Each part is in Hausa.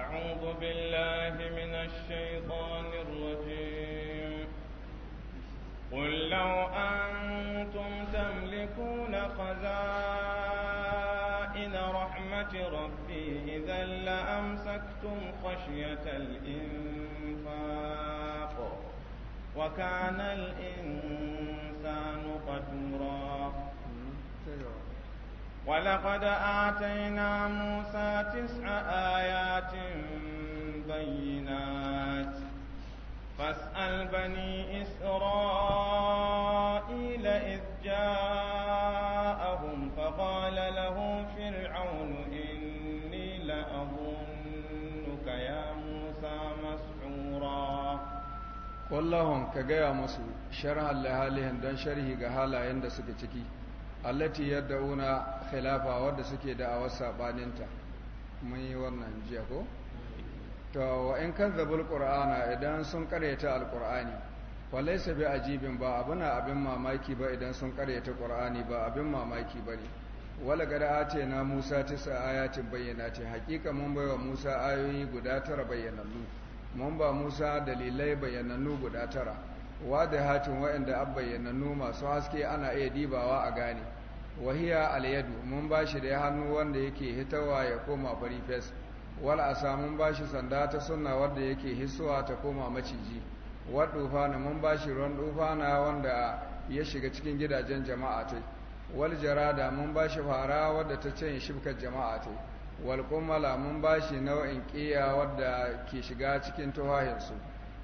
أعوذ بالله من الشيطان الرجيم قل لو أنتم تملكون خزائن رحمة ربي إذا لأمسكتم خشية الإنفاق وكان الإنسان قتورا ولقد آتينا موسى تسع آيات بينات فاسأل بني إسرائيل إذ جاءهم فقال له فرعون إني لأظنك يا موسى مسحورا قل لهم كجاء مسو شرح لهالهم دون شرحي قهالا عند سكتكي allati yad'una khilafa wadda suke da'awar sabaninta mun yi wannan jiya ko to wa in kadzabul qur'ana idan sun karyata alqur'ani laysa bi ajibin ba abuna abin mamaki ba idan sun karyata qur'ani ba abin mamaki bane wala gada ce na Musa tisa ayatin ce haqiqa mun baiwa Musa ayoyi guda tara bayyanannu mun ba Musa dalilai bayyanannu guda tara wada hatin waɗanda an noma su haske ana iya dibawa a gane wahiya alyadu mun bashi da hannu wanda yake hitawa ya koma fari fes wal asa mun bashi sanda ta sunna wanda yake hisuwa ta koma maciji wa dufana mun bashi ruwan dufana wanda ya shiga cikin gidajen jama'a ta wal jarada mun bashi fara wadda ta cin shibkar jama'a ta wal kumala mun bashi nau'in qiya wadda ke shiga cikin su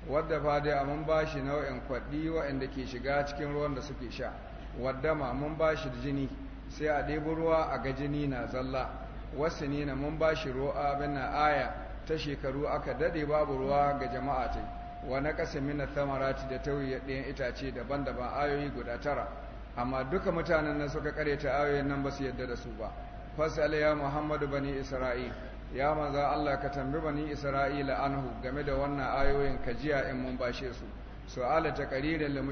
wadda fa dai mun bashi shi nau'in kwaɗi wa'anda ke shiga cikin ruwan da suke sha wadda ma mun ba shi jini sai a ɗebi ruwa a ga jini na zalla wasu ne na mun ba shi ruwa abin na aya ta shekaru aka daɗe babu ruwa ga jama'a ta wani ƙasa mina samarati da tauye ɗayan itace daban-daban ayoyi guda tara amma duka mutanen nan suka ta ayoyin nan ba su yadda da su ba fasal ya muhammadu bani isra'il ya manza Allah ka tambi bani Isra'ila anhu game da wannan ayoyin ka jiya in mun bashe su su'ala da lil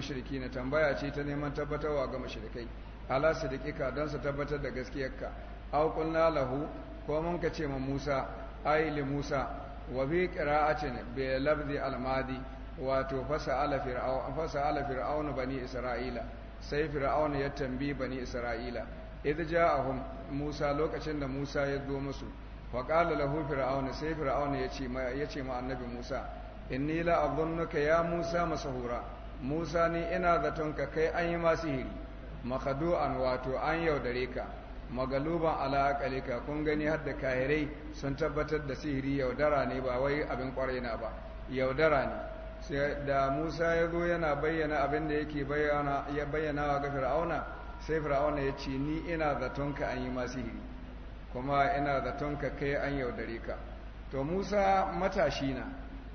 na tambaya ce ta neman tabbatarwa ga mushrikai ala sidqika dan su tabbatar da gaskiyarka aw qulna lahu ko mun ka ce ma Musa ay li Musa wa bi qira'atin bi lafzi al madi wato fasa'ala fir'aun fas'ala fir'aun bani Isra'ila sai fir'aun ya tambi bani Isra'ila idza ja'ahum Musa lokacin da Musa ya zo musu faƙala lahu fir'auna sai fir'auna ya ce ma annabi musa inni la abunnuka ya musa masahura musa ni ina zaton ka kai an yi masu hiri an wato an yaudare ka magaluban ala ka kun gani har da kahirai sun tabbatar da sihiri yaudara ne ba wai abin kwarai na ba yaudara ne da Musa ya zo yana bayyana abin da yake bayyana ya bayyana wa ga Fir'auna sai Fir'auna ya ce ni ina zaton ka an yi hiri kuma ina zaton ka kai an yaudare ka to musa matashi na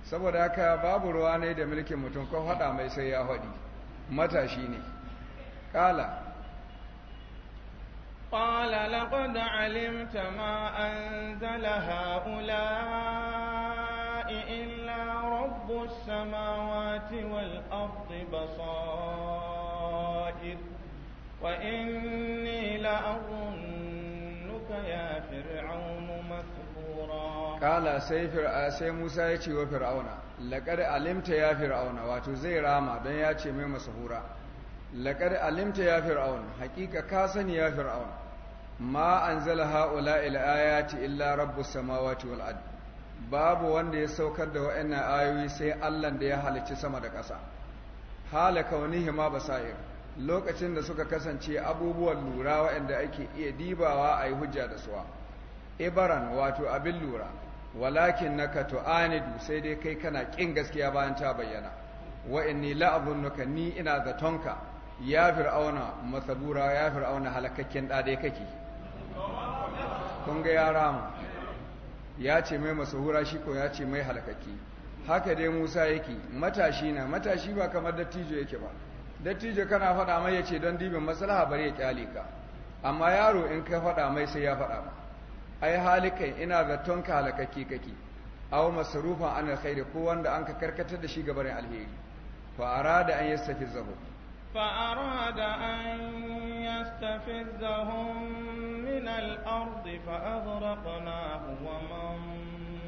saboda haka babu ruwa ne da mulkin mutum ko hada mai sai ya haɗi matashi ne ƙala قال لقد علمت ما أنزل هؤلاء إلا رب السماوات والأرض بصائر وإني لأظن kala sai Musa ya ce wa Fir'auna laƙar alimta ya Fir'auna wato zai rama don ya ce mai masahura laƙar alimta ya fir'auna, hakika ka sani ya Fir'aun ma zala haula ila ayati illa Rabbu samawati wal wal'adu. babu wanda ya saukar da waɗannan ayoyi sai Allah da ya halicci sama da ƙasa halaka wani hima basair lokacin da suka kasance abubuwan lura waɗanda ake iya dibawa a yi hujja da suwa ibaran wato abin lura walakin na ka tu'anidu sai dai kai kana ƙin gaskiya bayan ta bayyana wa la'abun nuka ni ina zatonka ya fir'auna masabura ya fir'auna halakakken da kake kun ga ya rama ya ce mai masahura shi ko ya ce mai halakakki haka dai Musa yake matashi na matashi ba kamar dattijo yake ba dattijo kana faɗa mai ya ce don dibin maslaha bari ya kyale ka amma yaro in ka faɗa mai sai ya faɗa ma ai halikai ina zaton ka halakaki kake aw masrufan an khairi ko wanda an ka karkatar da shi gabarin alheri fa arada an yastafizahum fa arada an yastafizahum min al-ard fa aghraqnahu wa man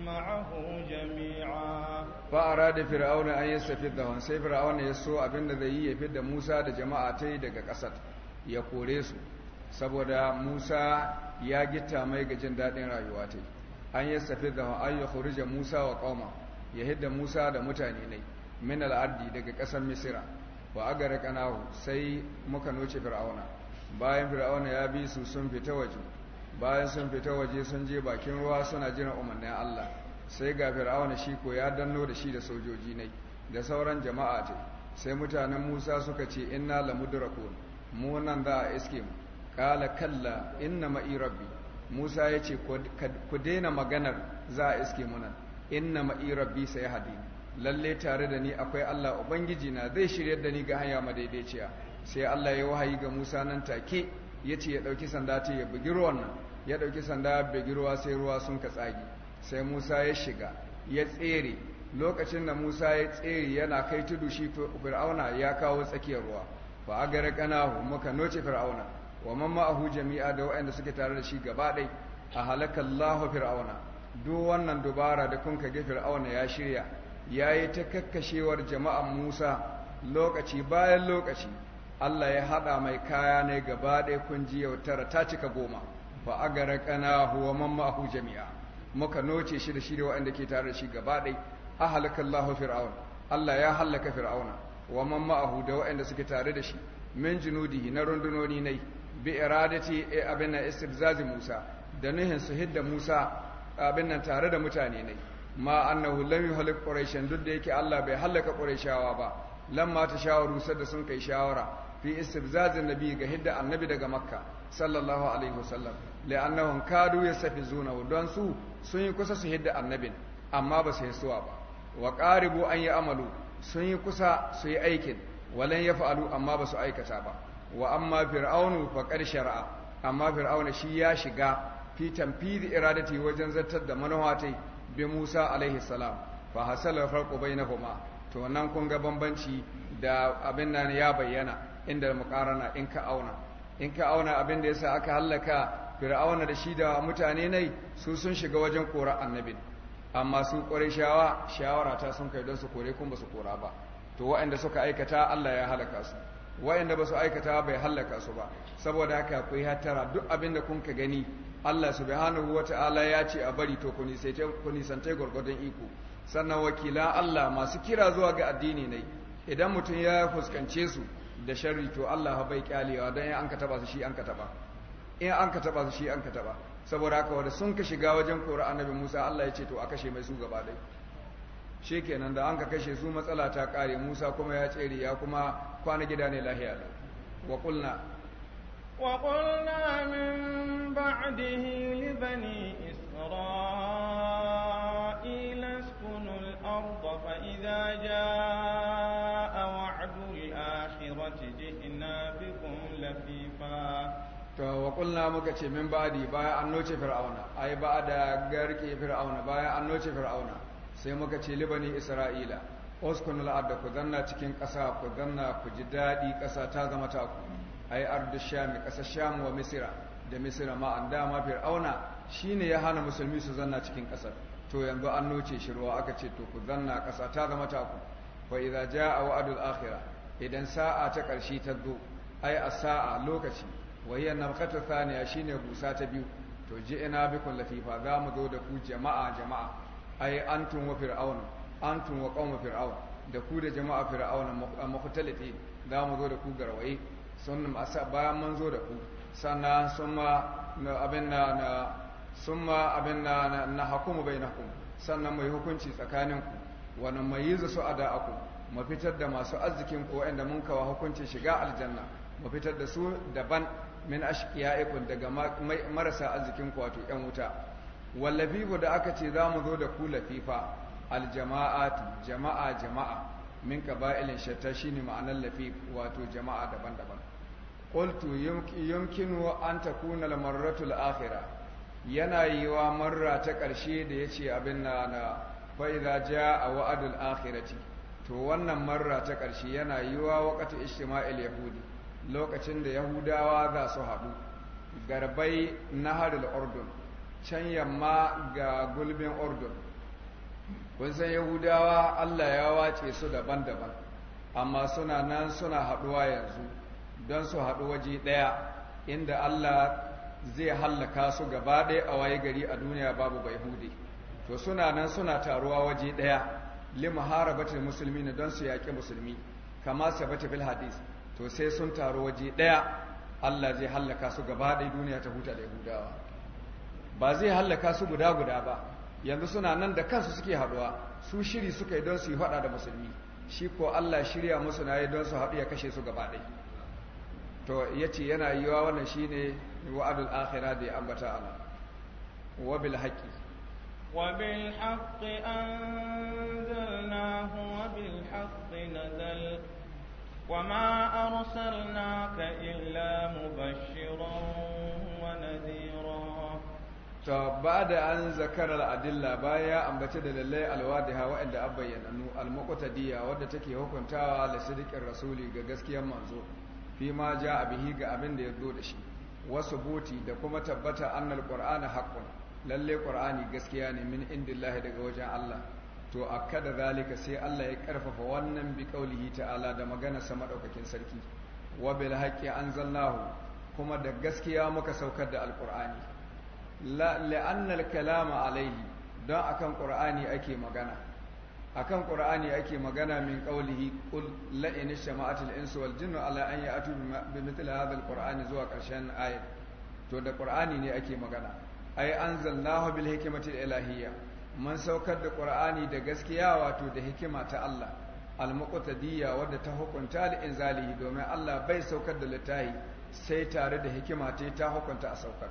ma'ahu jami'a fa'ara da fir'auna an yi safi da sai fir'auna ya so abin da zai yi ya fi da musa da jama'a ta yi daga ƙasar ya kore su saboda musa ya gita mai ga jin daɗin rayuwa ta yi an yi safi da an yi da musa wa ƙoma ya hidda musa da mutane ne min al'addi daga ƙasar misira wa gara kanahu sai muka noce fir'auna bayan fir'auna ya bi su sun fita waje bayan sun fita waje sun je bakin ruwa suna jiran umarnin allah sai ga fir'auna shi ko ya danno da shi da sojoji ne da sauran jama'a ce sai mutanen musa suka ce inna la mudrakun mu nan za iske mu kala kalla inna ma'i rabbi musa ya ce ku daina maganar za a iske mu nan inna ma'i rabbi sai hadi lalle tare da ni akwai allah ubangiji na zai shirya da ni ga hanya madaidaiciya sai allah ya wahayi ga musa nan take ya ce ya ɗauki sanda ta ya bugi ruwan nan ya ɗauki sanda ya bugi ruwa sai ruwa sun ka tsagi sai musa ya shiga ya tsere lokacin da musa ya tsere yana kai tudu shi fir'auna ya kawo tsakiyar ruwa fa agare kanahu muka noce fir'auna wa man ma'ahu jami'a da waɗanda suke tare da shi gaba dai a halakallahu fir'auna duk wannan dubara da kun kage fir'auna ya shirya ya yi ta kakkashewar jama'an musa lokaci bayan lokaci allah ya haɗa mai kaya ne gaba ɗaya kun ji yau tara ta cika goma fa agare kanahu wa man ma'ahu jami'a muka noce shi da shi da waɗanda ke tare da shi gaba ɗai a halakallahu fir'aun Allah ya halaka fir'auna wa man ma'ahu da waɗanda suke tare da shi min junudihi na rundunoni nai bi iradati e abin nan Musa da nuhin su hidda Musa abin nan tare da mutane nai ma annahu lam yuhlik quraishan duk da yake Allah bai halaka quraishawa ba lamma ta shawaru da sun kai shawara fi istibzazin nabi ga hidda annabi daga makka sallallahu alaihi wasallam la'annahum kadu yasafizuna don su sun yi kusa su hidda annabin amma ba su hisuwa ba wa an yi amalu sun yi kusa su yi aikin walan yaf'alu amma ba su aikata ba wa amma fir'aunu faqad shar'a amma fir'auna shi ya shiga fi tanfidi iradati wajen zartar da manawatai bi Musa alaihi salam farko hasala farqu bainahuma to nan kun ga bambanci da abin nan ya bayyana inda muqarana in ka auna in ka auna abin da yasa aka hallaka fir'auna da shi da mutane nai su sun shiga wajen kora annabin amma su kore shawa shawara ta sun kai don su kore kun su kora ba to waɗanda suka aikata Allah ya halaka su waɗanda ba su aikata bai halaka su ba saboda haka akwai yi duk abin da kun ka gani Allah subhanahu wata'ala ya ce a bari to ku nisance gwargwadon iko sannan wakila Allah masu kira zuwa ga addini ne idan mutum ya fuskance su da sharri to Allah bai kyalewa don ya an ka taba su shi an ka taba in an ka taba su shi an ka taba saboda haka wanda sun ka shiga wajen kora annabi Musa Allah ya ce to a kashe mai su gaba dai shekenan da an ka kashe su matsala ta kare Musa kuma ya tsere ya kuma kwana gida ne lahiya wa qulna wa min ba'dihi bani isra'ila وتجئ بكم لفيفا to wa muka ce min ba'adi baya an fir'auna ai ba da garke fir'auna baya an noce fir'auna sai muka ce libani isra'ila uskun al'ad ku zanna cikin ƙasa ku zanna ku ji daɗi ƙasa ta zama taku. ai ardu shami ƙasa sham wa misira da misira ma an dama fir'auna shine ya hana musulmi su zanna cikin ƙasar to yanzu an noce shi ruwa aka ce to ku zanna ƙasa ta zama taku ku fa idza jaa wa'dul akhirah idan sa'a ta ƙarshe ta zo ai a sa'a lokaci wahiyar nafkata saniya shine busa ta biyu to ji ina bikun lafifa za mu zo da ku jama'a jama'a ai antum wa fir'aun antum wa qaum fir'aun da ku da jama'a fir'aun mafutalati za mu zo da ku garwaye sun bayan mun zo da ku sannan sun ma abin na na sun ma na na hukumu bainakum sannan mai hukunci tsakaninku zasu namayizu su'ada'akum mu fitar da masu arzikin ko wanda mun kawo hukuncin shiga aljanna mu fitar da su daban min ashqiya'ikum daga marasa arzikin ku wato yan wuta wallafifu da aka ce za mu zo da ku lafifa aljama'at jama'a jama'a min qaba'ilin shatta shine ma'anar lafif wato jama'a daban-daban qultu yumkinu an takuna al akhirah yana yiwa marra ta ƙarshe da yace abin na fa'iza ja'a wa'dul akhirati to wannan marra ta ƙarshe yana wa waƙatu ishtima'il yahudi lokacin da yahudawa za su haɗu garbai na naharil ordun can yamma ga gulbin ordun kun san yahudawa allah ya wace su daban-daban amma suna nan suna haɗuwa yanzu don su haɗu waje ɗaya inda allah zai hallaka su gaba ɗaya a waye gari a duniya babu bai hude to suna nan suna taruwa waje ɗaya musulmi na don su yaƙi musulmi kama sabata bil hadis to sai sun taru waje ɗaya Allah zai hallaka su gaba duniya ta huta da Yahudawa ba zai hallaka su guda guda ba yanzu suna nan da kansu suke haɗuwa su shiri suka yi don su yi faɗa da musulmi shi ko Allah shirya musu na yi don su haɗu ya kashe su gaba ɗaya to ya ce yana yiwa wannan shine wa'adul akhira da ya ambata Allah wa bil haqqi وبالحق أنزلناه وبالحق نزل وما أرسلناك إلا مبشرا ونذيرا to ba da an zakarar adilla baya ambace da lallai alwadiha waanda an bayyananu almuqtadiya wadda take hukuntawa da sidiqir rasuli ga gaskiyar manzo fi ma ja bihi ga abin da ya zo da shi wasu buti da kuma tabbata annal qur'ana haqqun lalle ƙur'ani gaskiya ne min indillahi daga wajen Allah to kada zalika sai Allah ya karfafa wannan bi qaulihi ta'ala da magana sa sarki wa bil haqqi anzalnahu kuma da gaskiya muka saukar da Alƙur'ani. la la'anna kalama alaihi don akan ƙur'ani ake magana akan ake magana min qaulihi qul la in shama'atil insu wal jinnu ala an ya'tu bi mithli hadha alqur'ani zuwa ƙarshen ayat to da ƙur'ani ne ake magana ai anzalnahu bil hikmati ilahiyya man saukar da qur'ani da gaskiya wato da hikima ta Allah al muqtadiyya wadda ta hukunta al inzali domin Allah bai saukar da littafi sai tare da hikima ta ta hukunta a saukar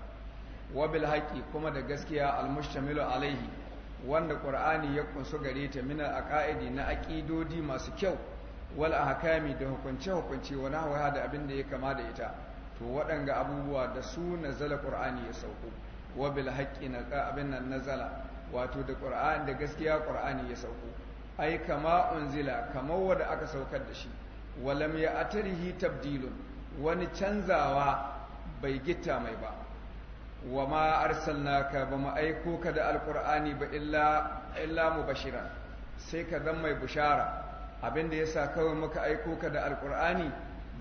wa bil haqi kuma da gaskiya al mushtamilu alaihi wanda qur'ani ya kunsu gare ta min al aqaidi na aqidodi masu kyau wal ahkami da hukunce hukunce wa nahwa da abin da ya kama da ita to waɗanga abubuwa da su nazala qur'ani ya sauko wa bil haqqi naqa abin nan nazala wato da qur'ani da gaskiya qur'ani ya sauko ai kama unzila kamar wanda aka saukar da shi walam ya atarihi tabdilun wani canzawa bai gita mai ba wa ma arsalnaka ba mu aiko ka da alqur'ani ba illa illa mubashiran sai ka zan mai bushara abinda yasa kawai muka aiko ka da alqur'ani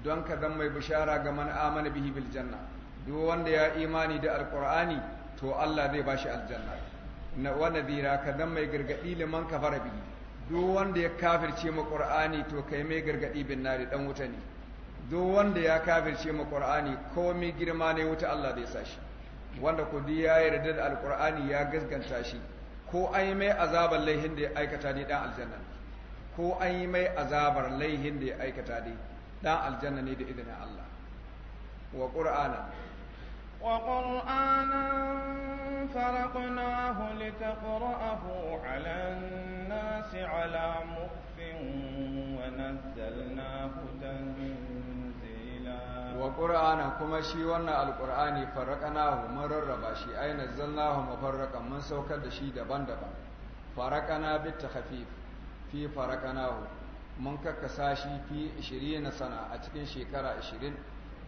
don ka zan mai bushara ga man amana bihi bil janna duk wanda ya imani da alqur'ani to Allah zai bashi aljanna na zira ka dan mai gargadi liman kafara bi duk wanda ya kafirce ma qur'ani to kai mai gargadi bin nari dan wuta ne duk wanda ya kafirce ma ko mai girma ne wuta Allah zai sashi wanda ku ya yarda da alqur'ani ya gaskanta shi ko an yi mai azabar laihin da ya aikata ne dan aljanna ko an yi mai azabar laihin da ya aikata ne dan aljanna ne da izinin Allah wa qur'ana وقرآنا فرقناه لتقرأه على الناس على مخف ونزلناه تنزيلا وقرآنا كما شي وانا القرآن فرقناه مرربا شي أين نزلناه مفرقا من سوكد شي دبان دبان فرقنا بالتخفيف في فرقناه mun kakkasa shi fi 20 sana a cikin shekara 20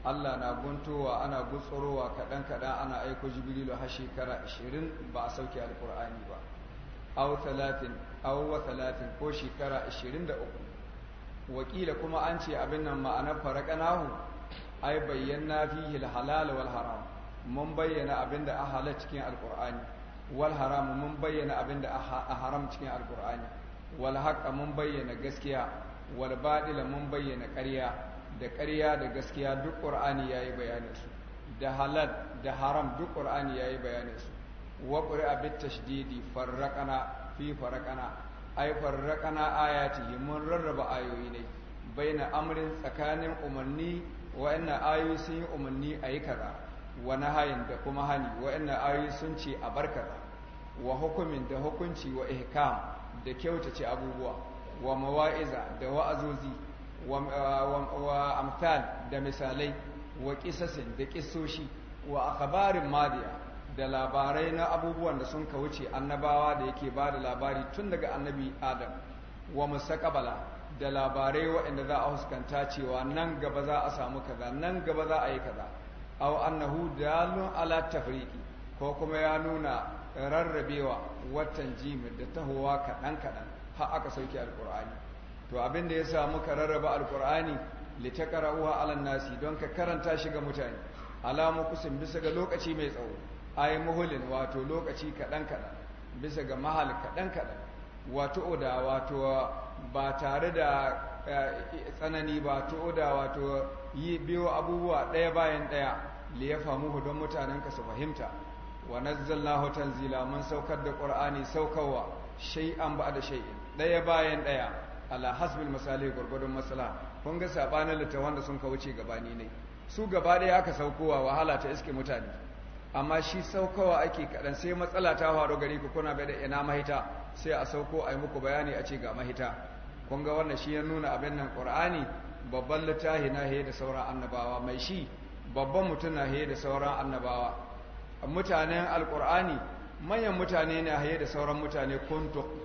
Allah na guntowa ana gutsurowa kaɗan-kaɗan ana aiko jibrilu har shekara ashirin ba a sauke alƙur'ani ba aw talatin wa talatin ko shekara ashirin da uku wakila kuma an ce abin nan ma'anar faraƙanahu. ai bayyana fihi halal wal haram mun bayyana abin da a halal cikin alƙur'ani wal haram mun bayyana abin da a haram cikin alƙur'ani wal haqqa mun bayyana gaskiya wal badila mun bayyana ƙarya da ƙarya da gaskiya duk ƙur'ani ya yi bayanin da halal da haram duk ƙur'ani ya yi bayanin su wa ƙuri'a bit tashdidi farraƙana fi farraƙana ai farraqana ayatihi mun rarraba ayoyi ne baina amrin tsakanin umarni wa'annan ayoyi sun yi umarni a yi kaza wa nahayin da kuma hani wa'annan ayoyi sun ce a bar kaza wa hukumin da hukunci wa ihkam da kyautace abubuwa wa mawa'iza da wa'azozi wa uh, amtal da misalai wa kisasin da kisoshi wa akabarin madiya da labarai na abubuwan da sun wuce annabawa da yake ba da labari tun daga annabi adam wa musakabala da labarai waɗanda za a huskanta cewa nan gaba za a samu kaza nan gaba za a yi kaza A'u annahu dalun ala tafriqi ko kuma ya nuna rarrabewa watan jimi da tahowa kaɗan kaɗan har aka sauke alƙur'ani to abin da ya samu muka rarraba ta litaqra'uha 'alan nasi don ka karanta shi ga mutane alamu kusin bisa ga lokaci mai tsawo ay muhulin wato lokaci kadan kadan bisa ga mahal kadan kadan wato oda wato ba tare da eh, tsanani ba to oda wato yi biyo abubuwa daya bayan daya li yafamuhu don mutanen ka su fahimta wa nazzalnahu tanzila mun saukar da qur'ani saukawa shay'an ba'da shay'in daya bayan daya ala hasbil misali gwargwadon masala kun ga sabanin littafan da sun ka wuce gabani ne su gaba ɗaya aka saukowa wahala ta iske mutane amma shi saukowa ake kaɗan sai matsala ta faru gari ku kuna bai da ina mahita sai a sauko a yi muku bayani a ce ga mahita kun ga wannan shi ya nuna abin nan ƙur'ani babban littafi na haye da sauran annabawa mai shi babban mutum na haye da sauran annabawa mutanen alƙur'ani manyan mutane ne haye da sauran mutane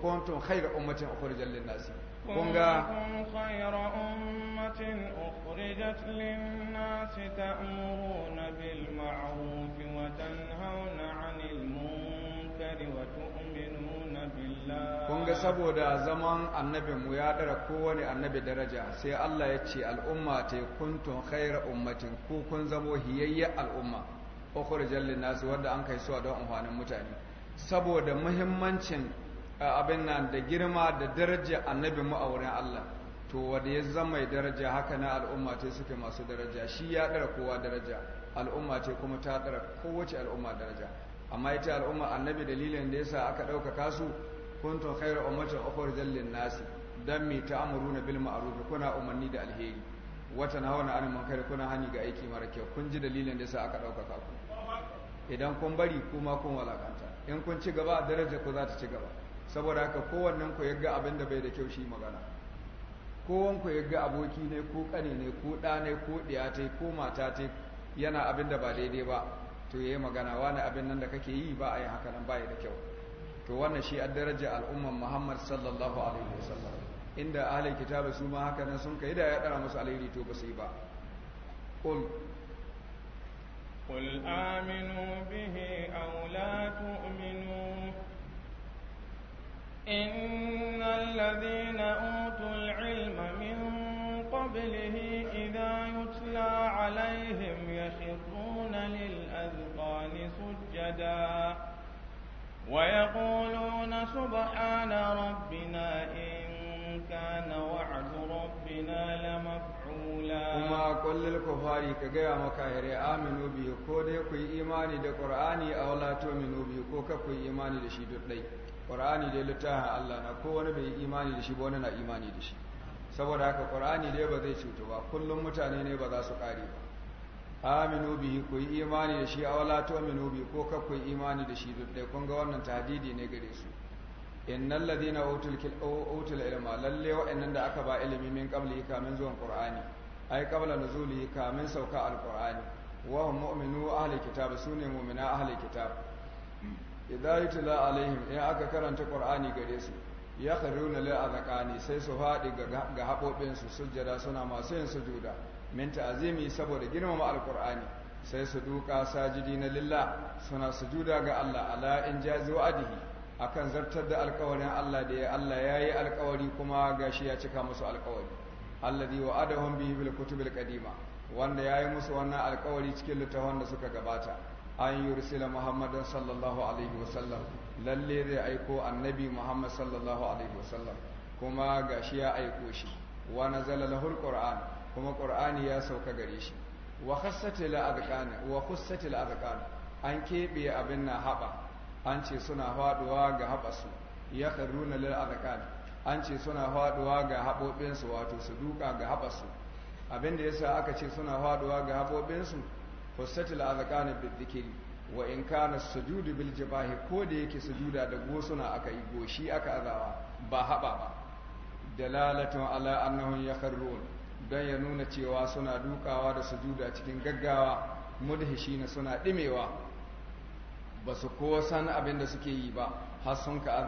kuntum khairu ummatin ukhrijal lin nasi kun ga khayra ummatin ukhrijat saboda zaman annabinmu ya kowane annabi daraja sai Allah ya ce al'umma ta kuntum khayra ummatin ku kun hiyayya al'umma ukhrijat lin an don amfanin mutane saboda abin nan da girma da daraja annabi mu a wurin Allah to wanda ya zama mai daraja haka na al'umma ce suke masu daraja shi ya dara kowa daraja al'umma ce kuma ta dara kowace al'umma daraja amma ita al'umma annabi dalilin da yasa aka ɗaukaka su kuntum khayra ummatin ukhrijat lin-nasi dan mi ta'muruna bil ma'ruf kuna umarni da alheri wata na wani anin mankari kuna hani ga aiki mara kyau kun ji dalilin da sa aka ɗaukaka ku idan kun bari kuma kun walakanta in kun ci gaba daraja ku za ta ci gaba saboda haka kowannen ku yaga abin da bai da kyau shi magana kowan ku yaga aboki ne ko kane ne ko da ne ko diya ta ko mata ta yana abin da ba daidai ba to yayi magana wani abin nan da kake yi ba a yi haka nan ba da kyau to wannan shi a daraja al'umman Muhammad sallallahu alaihi wasallam inda ahli kitabu su ma haka nan sun kai da ya dara musu alheri to ba sai ba qul qul aminu bihi aw la tu'minu إن الذين أوتوا العلم من قبله إذا يتلى عليهم يخرون للأذقان سجدا ويقولون سبحان ربنا إن كان وعد ربنا لمفعولا وما كل الكفار كجاء مكاهر آمنوا به كودي كي إيماني دا قرآني أو لا تؤمنوا به كوكا كي إيماني دا شيدو ƙur'ani dai littafin Allah na ko wani bai imani da shi ba wani na imani da shi saboda haka ƙur'ani dai ba zai cutu ba kullum mutane ne ba za su ƙare ba aminu bihi ku yi imani da shi awala aminu bihi ko ka ku yi imani da shi duk dai kun ga wannan tahdidi ne gare su innal ladina utul utul ilma lalle wa'annan da aka ba ilimi min qabli kamin zuwan qur'ani ai qabla nuzuli kamin sauka alqur'ani wa hum mu'minu ahli kitab sune mu'mina ahli kitab idza yutla alaihim in aka karanta kur'ani gare su ya kharuna lil azqani sai su fadi ga habobin su sujjada suna masu yin sujuda min ta'zimi saboda girmama alqur'ani sai su duka sajidina lillah suna sujuda ga Allah ala in jazi wa'dihi akan zartar da alƙawarin Allah da ya Allah yayi alƙawari kuma gashi ya cika musu alƙawari alladhi wa'adahum bihi bil kutubil qadima wanda ya yayi musu wannan alƙawari cikin littafin da suka gabata an yursila muhammadan sallallahu alaihi wasallam lalle zai aiko annabi muhammad sallallahu alaihi wasallam kuma gashi ya aiko shi wa nazala lahul qur'an kuma qur'ani ya sauka gare shi wa khassatil azqan wa khassatil azqan an kebe abin na haba an ce suna faduwa ga habasu ya karuna lil azqan an ce suna faduwa ga habobin su wato su duka ga habasu abin da yasa aka ce suna faduwa ga habobin su husatil azqani dhikri wa in kana sujud bil jibahi ko da yake sujuda da gosuna aka yi goshi aka azawa ba haba ba dalalatu ala annahum yakhrun dan ya nuna cewa suna dukawa da sujuda cikin gaggawa mudhishi na suna dimewa ba su kowa san abin da suke yi ba har sun ka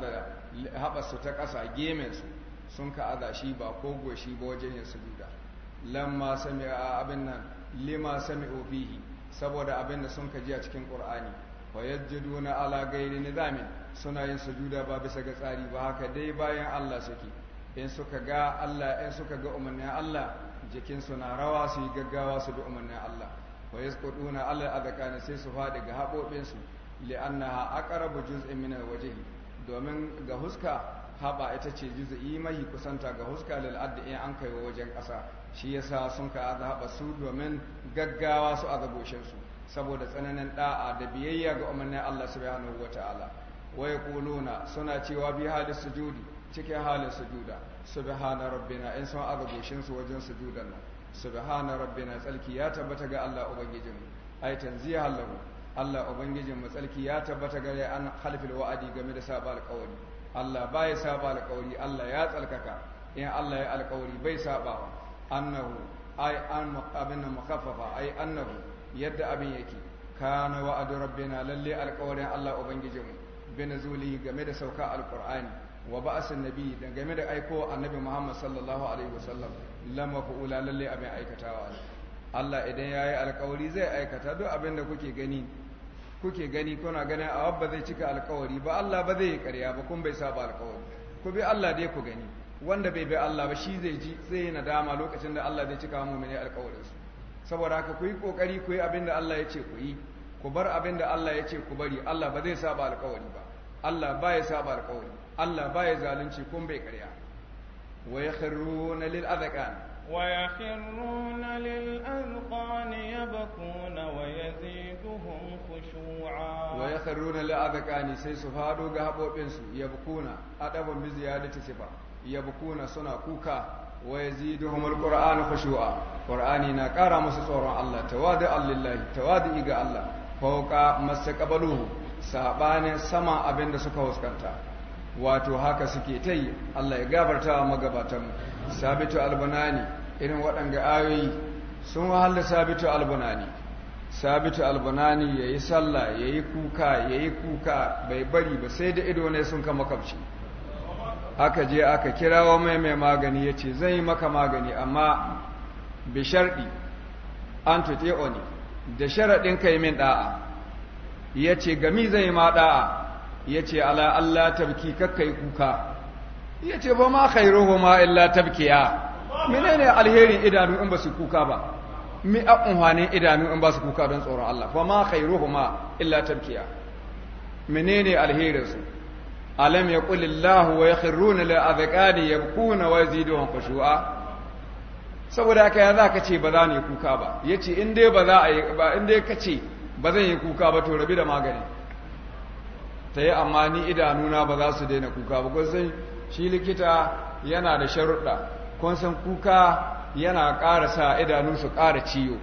haba su ta ƙasa gemensu sun ka aza ba ko goshi ba wajen yin sujuda lamma sami'a abin nan lima sami'u fihi saboda abinda sun ka ji a cikin Kur'ani, wa na ala ghairi nizamin suna yin sujuda ba bisa ga tsari ba haka dai bayan Allah suke in suka ga Allah in suka ga umarnin Allah jikinsu na rawa su yi gaggawa su bi umarnin Allah wa yasquduna ala adqani sai su faɗi ga haɓoɓinsu li'annaha aqrabu juz'in min waje. domin ga huska haɓa ita ce juz'i mahi kusanta ga huska lil in an kai wajen ƙasa shi yasa sun ka azaba su domin gaggawa su azaboshin saboda tsananin ɗa'a da biyayya ga umarnin Allah subhanahu wataala wa kuluna suna cewa bi halis sujudi cikin halin sujuda subhana rabbina in sun azaboshin su wajen sujudan nan subhana rabbina tsalki ya tabbata ga Allah ubangijinmu ai tanziya lahu Allah Ubangijin tsalki ya tabbata ga ya an halfil wa'adi game da saba alƙawari Allah ba ya saba alƙawari Allah ya tsalkaka in Allah ya alƙawari bai sabawa annahu ai an abin mukaffafa ai annahu yadda abin yake kana wa'adu rabbina lalle alƙawarin Allah ubangijinmu bin zuli game da sauka alqur'ani wa ba'asin nabi game da aiko annabi Muhammad sallallahu alaihi wasallam lama fa'ula lalle abin aikatawa Allah idan yayi alƙawari zai aikata duk abin da kuke gani kuke gani kuna ganin a wabba zai cika alƙawari ba Allah ba zai yi ƙarya ba kun bai saba alƙawari ku bi Allah dai ku gani wanda bai bai Allah ba shi zai ji zai yi nadama lokacin da Allah zai cika mu mene su saboda haka ku yi kokari ku yi abin da Allah ya ce ku yi ku bar abin da Allah ya ce ku bari Allah ba zai saba alƙawari ba Allah ba ya saba alƙawari Allah ba ya zalunci kun bai ƙarya wa ya yakhruna lil Wa wa ya lil adqan ويخرون للأذقان يبكون ويزيدهم خشوعا ويخرون للأذقان سيسفادوا قهبوا بنسو يبكون أدبا بزيادة سفا yabkuna suna kuka wa yaziduhum alquran khushu'a qur'ani na ƙara musu tsoron Allah tawadu lillahi tawadu ga Allah fauka masaqabaluhu sabanin sama abinda suka huskanta wato haka suke ta yi Allah ya gabarta magabatan sabitu albunani irin waɗanga ayoyi sun wahala sabitu albanani sabitu ya yayi sallah yayi kuka yayi kuka bai bari ba sai da ido ne sun kama kafci aka je aka kirawo mai mai magani ya ce zan yi maka magani amma bisharɗi an tute'o oni da sharaɗin kai min ɗa'a ya ce gami zan yi ma ɗa'a ya ce ala Allah tabki yi kuka ya ce ba ma khairuhu ma illa mene ne alherin idanu in ba su kuka ba mi a unhanin idanu in ba su kuka don tsoron Allah ba ma khairuhu ma illa ya mene ne alherinsu? alam ya kulillahu wa ya khirruna ya azqani yabkuna wa yaziduhum khushu'a saboda haka ya zaka ce ba za ni kuka ba yace in dai ba za a yi ba in dai kace ba zan yi kuka ba to rabi da magani ta yi amma ni idanuna ba za su daina kuka ba kun san shi likita yana da sharuɗa kun san kuka yana ƙara sa idanu su ƙara ciwo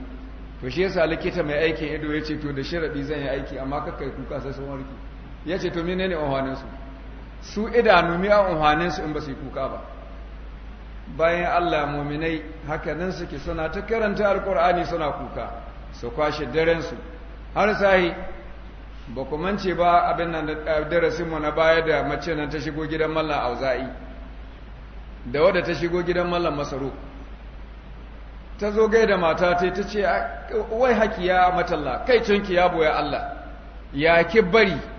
to shi yasa likita mai aikin ido ya ce to da sharaɗi zan yi aiki amma kakkai kuka sai sun warke ya ce to menene amfanin su su idanu mi a umhanin in ba su yi kuka ba bayan Allah muminai hakanan suke suna ta karanta alkur'ani suna kuka su kwashe daren su har sahi ba ku mance ba abin nan da mu na baya da mace nan ta shigo gidan mallan auza'i da wadda ta shigo gidan mallan masaru ta zo gaida mata ta ta ce wai ya matalla kai cinki ya boye Allah ya ki bari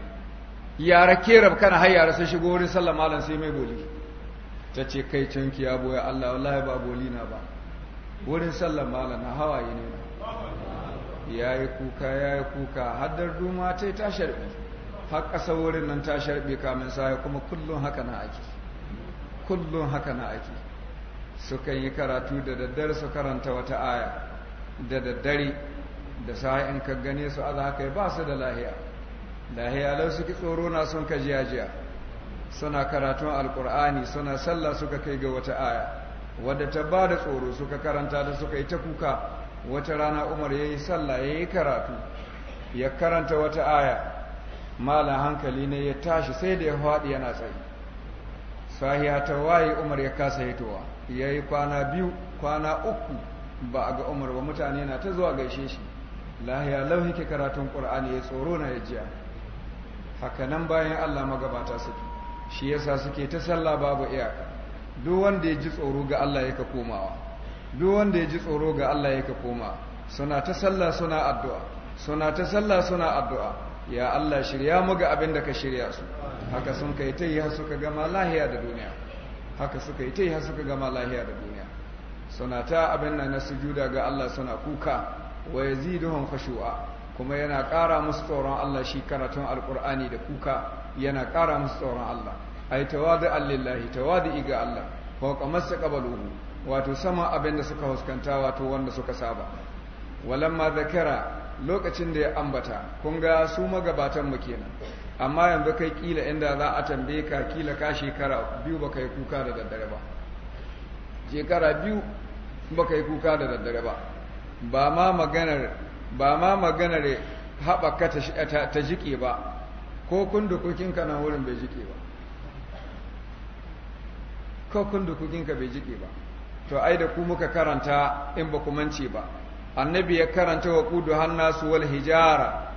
yara ke kana har yara sun shigo wurin sallah malam sai mai boli ta ce kai canki ya boye Allah wallahi ba boli na ba wurin sallah malam na hawaye ne ya yi kuka ya yi kuka haddar duma ta ta sharbi har ƙasa wurin nan ta sharbi kamin sa kuma kullum haka na ake kullum haka na ake sukan yi karatu da daddare su karanta wata aya da daddare da sa'in ka gane su Allah haka ba su da lahiya lahiyalau suke tsoro na sun ka jiyajiya suna karatun alkur'ani suna sallah suka kai ga wata aya wadda ta ba da tsoro suka karanta da suka yi ta kuka wata rana umar ya yi sallah ya yi karatu ya karanta wata aya malam hankali ne ya tashi sai da ya faɗi yana tsayi sahiya ta waye umar ya kasa hitowa ya yi kwana biyu kwana uku ba a ga umar ba mutane na ta zuwa gaishe shi lahiya lauhi yake karatun ƙur'ani ya tsoro na ya jiya haka nan bayan Allah magabata suke shi yasa suke ta sallah babu iyaka duk wanda ya ji tsoro ga Allah yake komawa duk wanda ya ji tsoro ga Allah yake koma suna ta sallah suna addu'a suna ta sallah suna addu'a ya Allah shirya mu ga abin da ka shirya su haka sun kai ta yi suka gama lahiya da duniya haka suka yi ta yi suka gama lahiya da duniya suna ta abin nan na sujuda ga Allah suna kuka wa yaziduhum khushu'a kuma yana ƙara musu tsoron Allah shi karatun alƙur'ani da kuka yana ƙara musu tsoron Allah ai tawadi'an allillahi tawadi'i ga Allah fa qamas qabaluhu wato sama abin da suka huskanta wato wanda suka saba walamma zakara lokacin da ya ambata kun ga su magabatan mu kenan amma yanzu kai kila inda za a tambaye ka kila ka shekara biyu baka yi kuka da daddare ba shekara biyu baka yi kuka da daddare ba ba ma maganar ba ma maganar haɓaka ta jiƙe ba ko kundukukinka nan wurin bai jiƙe ba ko kundukukinka bai jiƙe ba to ai da ku muka karanta in ba ku mance ba annabi ya karanta wa kudu hannasu wal hijara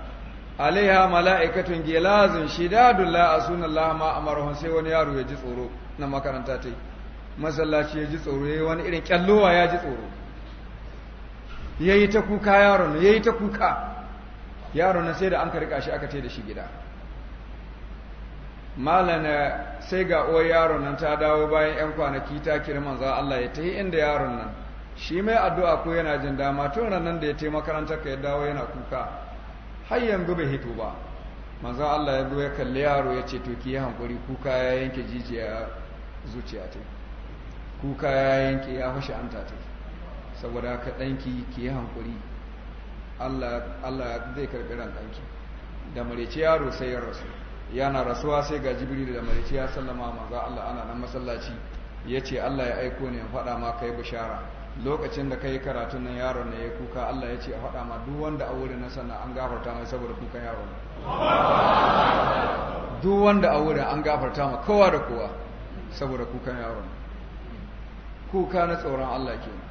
alaiha mala'ikatun gilazin shidadun la asuna Allah ma amarahun sai wani yaro ya ji tsoro na makaranta ta yi masallaci ya ji tsoro ya yi wani irin kyallowa ya ji tsoro ya yi ta kuka yaron ya yi ta kuka yaron sai da an karka shi aka ce da shi gida malana eh, sai ga uwar yaron nan ta dawo bayan 'yan kwanaki ta kira manza Allah ya ta inda yaron nan shi mai addu'a ko yana jin dama tun nan da ya taimaka makarantar ka ya dawo yana kuka har yanzu bai hito ba manza Allah ya zo ya kalli yaro ya ce to ki yi hankuri kuka ya yanke jijiya zuciya ta kuka ya yanke ya fashe hanta ta saboda haka ɗanki ki yi hankuri Allah zai karɓi ran ɗanki da marece yaro sai ya rasu yana rasuwa sai ga jibril da marece ya sallama maza Allah ana nan masallaci ya ce Allah ya aiko ne faɗa ma ka yi bishara lokacin da ka yi karatun nan yaron na ya kuka Allah ya ce a faɗa ma duk wanda a wurin na an gafarta mai saboda kukan yaron duk wanda a wurin an gafarta ma kowa da kowa saboda kukan yaron kuka na tsoron Allah kenan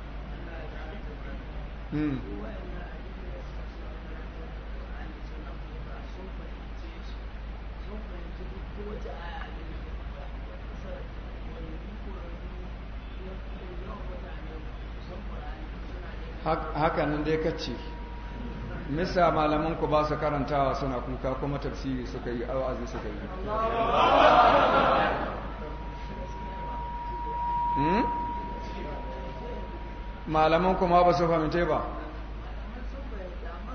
Hmm. haka nan dai kace misa malaman ku ba su karantawa suna kuka kuma tafsiri suka yi awazi suka yi malaman kuma ba su fahimce ba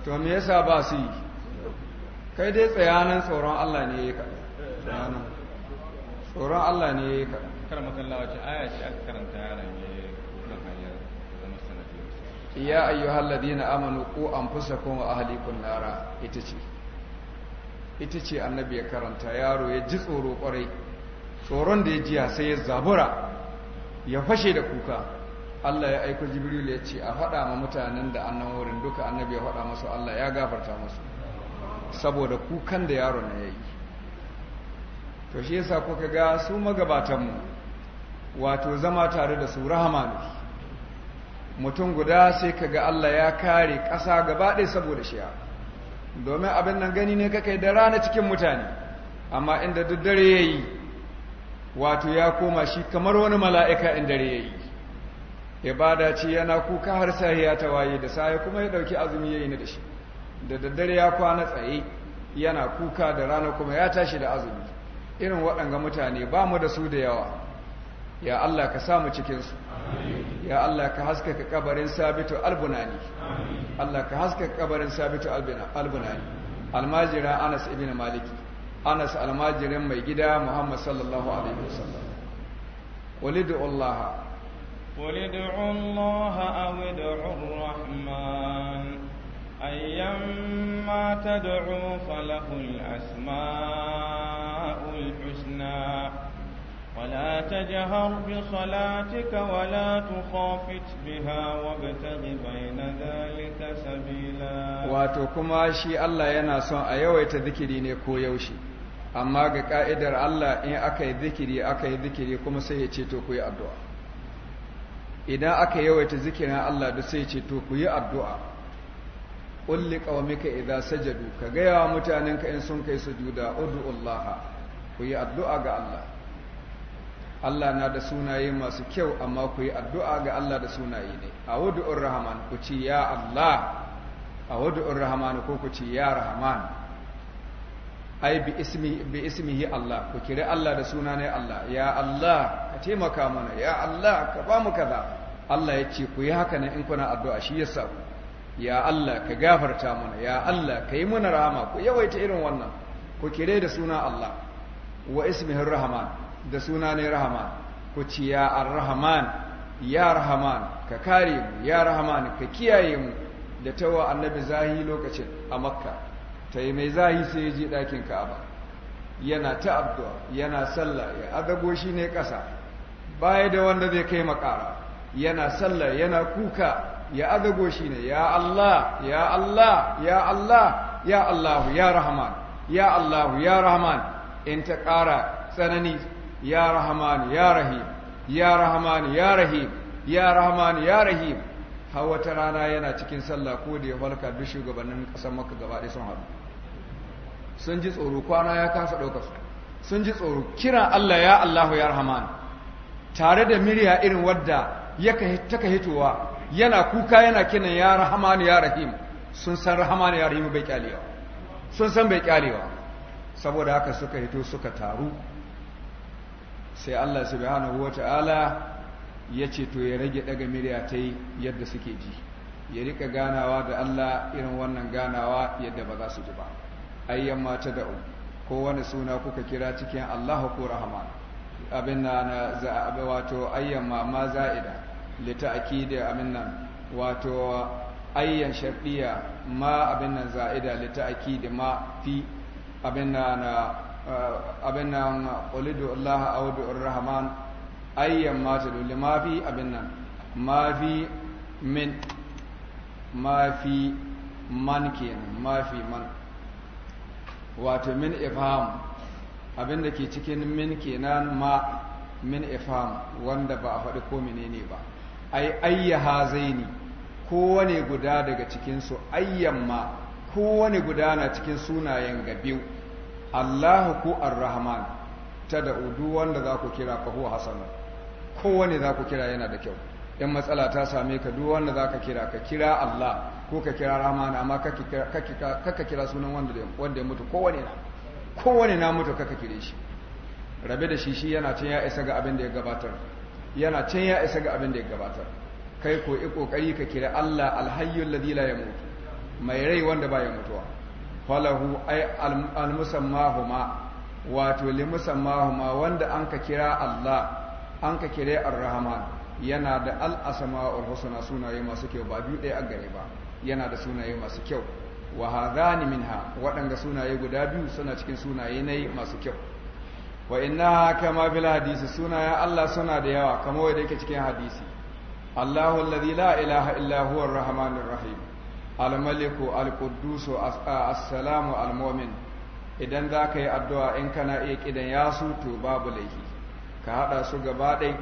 to me yasa ba su yi kai dai tsayanan tsoron Allah ne ya yi tsayanan tsoron Allah ne ya kaɗa kar makalla wace aya shi aka karanta yaran ya yi kukan hanyar zama sanadi ya ayyuhal ladina amanu qu anfusakum wa ahlikum nara ita ce ita ce annabi ya karanta yaro ya ji tsoro kwarai tsoron da ya jiya sai ya zabura ya fashe da kuka Allah ya aiko Jibril ya ce a faɗa ma mutanen da annan wurin duka annabi ya faɗa masu Allah ya gafarta masu saboda kukan da yaro na yayi to shi yasa kuka ga su mu wato zama tare da su rahama ne mutum guda sai ga Allah ya kare ƙasa gaba ɗaya saboda ya domin abin nan gani ne kakai da rana cikin mutane amma inda duk dare yayi wato ya koma shi kamar wani mala'ika in dare yayi ibada ce yana kuka har sahiya ya tawaye da sahi kuma ya dauki azumi yayi na dashi da daddare ya kwana tsaye yana kuka da rana kuma ya tashi da azumi irin waɗanga mutane ba mu da su da yawa ya Allah ka samu cikinsu ya Allah ka haskaka kabarin sabitu albunani Allah ka haskaka kabarin sabitu albunani almajira Anas ibn Maliki Anas almajirin mai gida Muhammad sallallahu alaihi wasallam qul Allah قل ادعوا الله أو ادعوا الرحمن أيما تدعوا فله الأسماء الحسنى ولا تجهر بصلاتك ولا تخافت بها وابتغ بين ذلك سبيلا wato kuma shi Allah yana son a yawaita zikiri ne ko yaushe amma ga ƙa'idar Allah in aka yi zikiri aka yi zikiri kuma sai ya ce to ku addu'a idan aka yawaita zikirin Allah da sai ce to ku yi addu'a ƙulli ƙawamika idan sajadu ka gaya wa mutanenka in sun kai sujuda udu'ullaha ku yi addu'a ga Allah Allah na da sunaye masu kyau amma ku yi addu'a ga Allah da sunaye ne a wadu'ur rahaman ku ci ya Allah a wadu'ur rahaman ko ku ci ya rahaman ai bi ismi bi ismihi Allah ku kire Allah da suna ne Allah ya Allah ka taimaka mana ya Allah ka ba mu kaza Allah ya ce ku yi haka nan in kuna addu'a shi yasa ya Allah ka gafarta mana ya Allah ka yi mana rahama ku yawaita irin wannan ku kire da suna Allah wa ismihir rahman da suna ne rahman ku ci ya ar ya rahman ka kare mu ya rahman ka kiyaye mu da tawa annabi zahi lokacin a makka ta yi mai zahi sai ya je ɗakin ka'aba yana ta abduwa yana sallah ya adago shi ne ƙasa baya da wanda zai kai makara yana sallah yana kuka ya adago shi ne ya Allah ya Allah ya Allah ya Allahu ya Rahman ya Allahu ya Rahman in ta ƙara tsanani ya Rahman ya Rahim ya Rahman ya Rahim ya Rahman ya Rahim har wata rana yana cikin sallah ko da ya falka duk shugabannin ƙasar maka gaba ɗaya sun haɗu sun ji tsoro kwana ya kasa ɗaukar sun ji tsoro kira Allah ya Allahu ya Rahman tare da murya irin wadda yaka taka hitowa yana kuka yana kinan ya Rahman ya Rahim sun san Rahman ya Rahim bai kyalewa sun san bai kyalewa saboda haka suka hito suka taru sai Allah subhanahu wataala ya ce to ya rage daga murya ta yi yadda suke ji ya rika ganawa da Allah irin wannan ganawa yadda ba za su ji ba ayyan mata da ko wani suna kuka kira cikin Allah ko Rahman abin na na za wato ayyan ma ma za'ida li ta'kidi abin nan wato ayyan shafiya ma abin nan za'ida li ta'kidi ma fi abin na na eh, abin nan qulidu Allah aw bi Rahman ayyan ma ta dole ma fi abin nan ma fi min ma fi man kenan ma fi man wato min abin abinda ke cikin min kenan ma min ifam wanda ba a faɗi ko menene ba ai ni. zaini kowane guda daga cikinsu ayyan ma kowane guda na cikin sunayen ga biyu Allahu ko rahman ta da udu wanda za ku kira fa huwa hasanu kowane za ku kira yana da kyau in matsala ta same ka duk wanda za ka kira ka kira Allah ko ka kira rahmanu amma kaka kira sunan wanda ya mutu kowane na kowane na mutu kaka kire shi rabe da shi shi yana can ya isa ga abin da ya gabatar yana can ya isa ga abin da ya gabatar kai ko i kokari ka kira Allah alhayyul ladhi la yamut mai rai wanda ba ya mutuwa falahu ay almusammahuma wato limusammahuma wanda an ka kira Allah an ka kira ar-rahman yana da al-asma'ul husna sunaye masu kyau ba biyu ɗaya a gare ba yana da sunaye masu kyau wa hadhani minha waɗanda sunaye guda biyu suna cikin sunaye ne masu kyau wa inna kama bil hadisi sunayen Allah suna da yawa kamar wanda yake cikin hadisi Allahu alladhi la ilaha illa huwa ar rahim al-malik al-quddus as-salamu al-mu'min idan zaka yi addu'a in kana iya kidan yasu to babu laifi ka hada su gaba ɗaya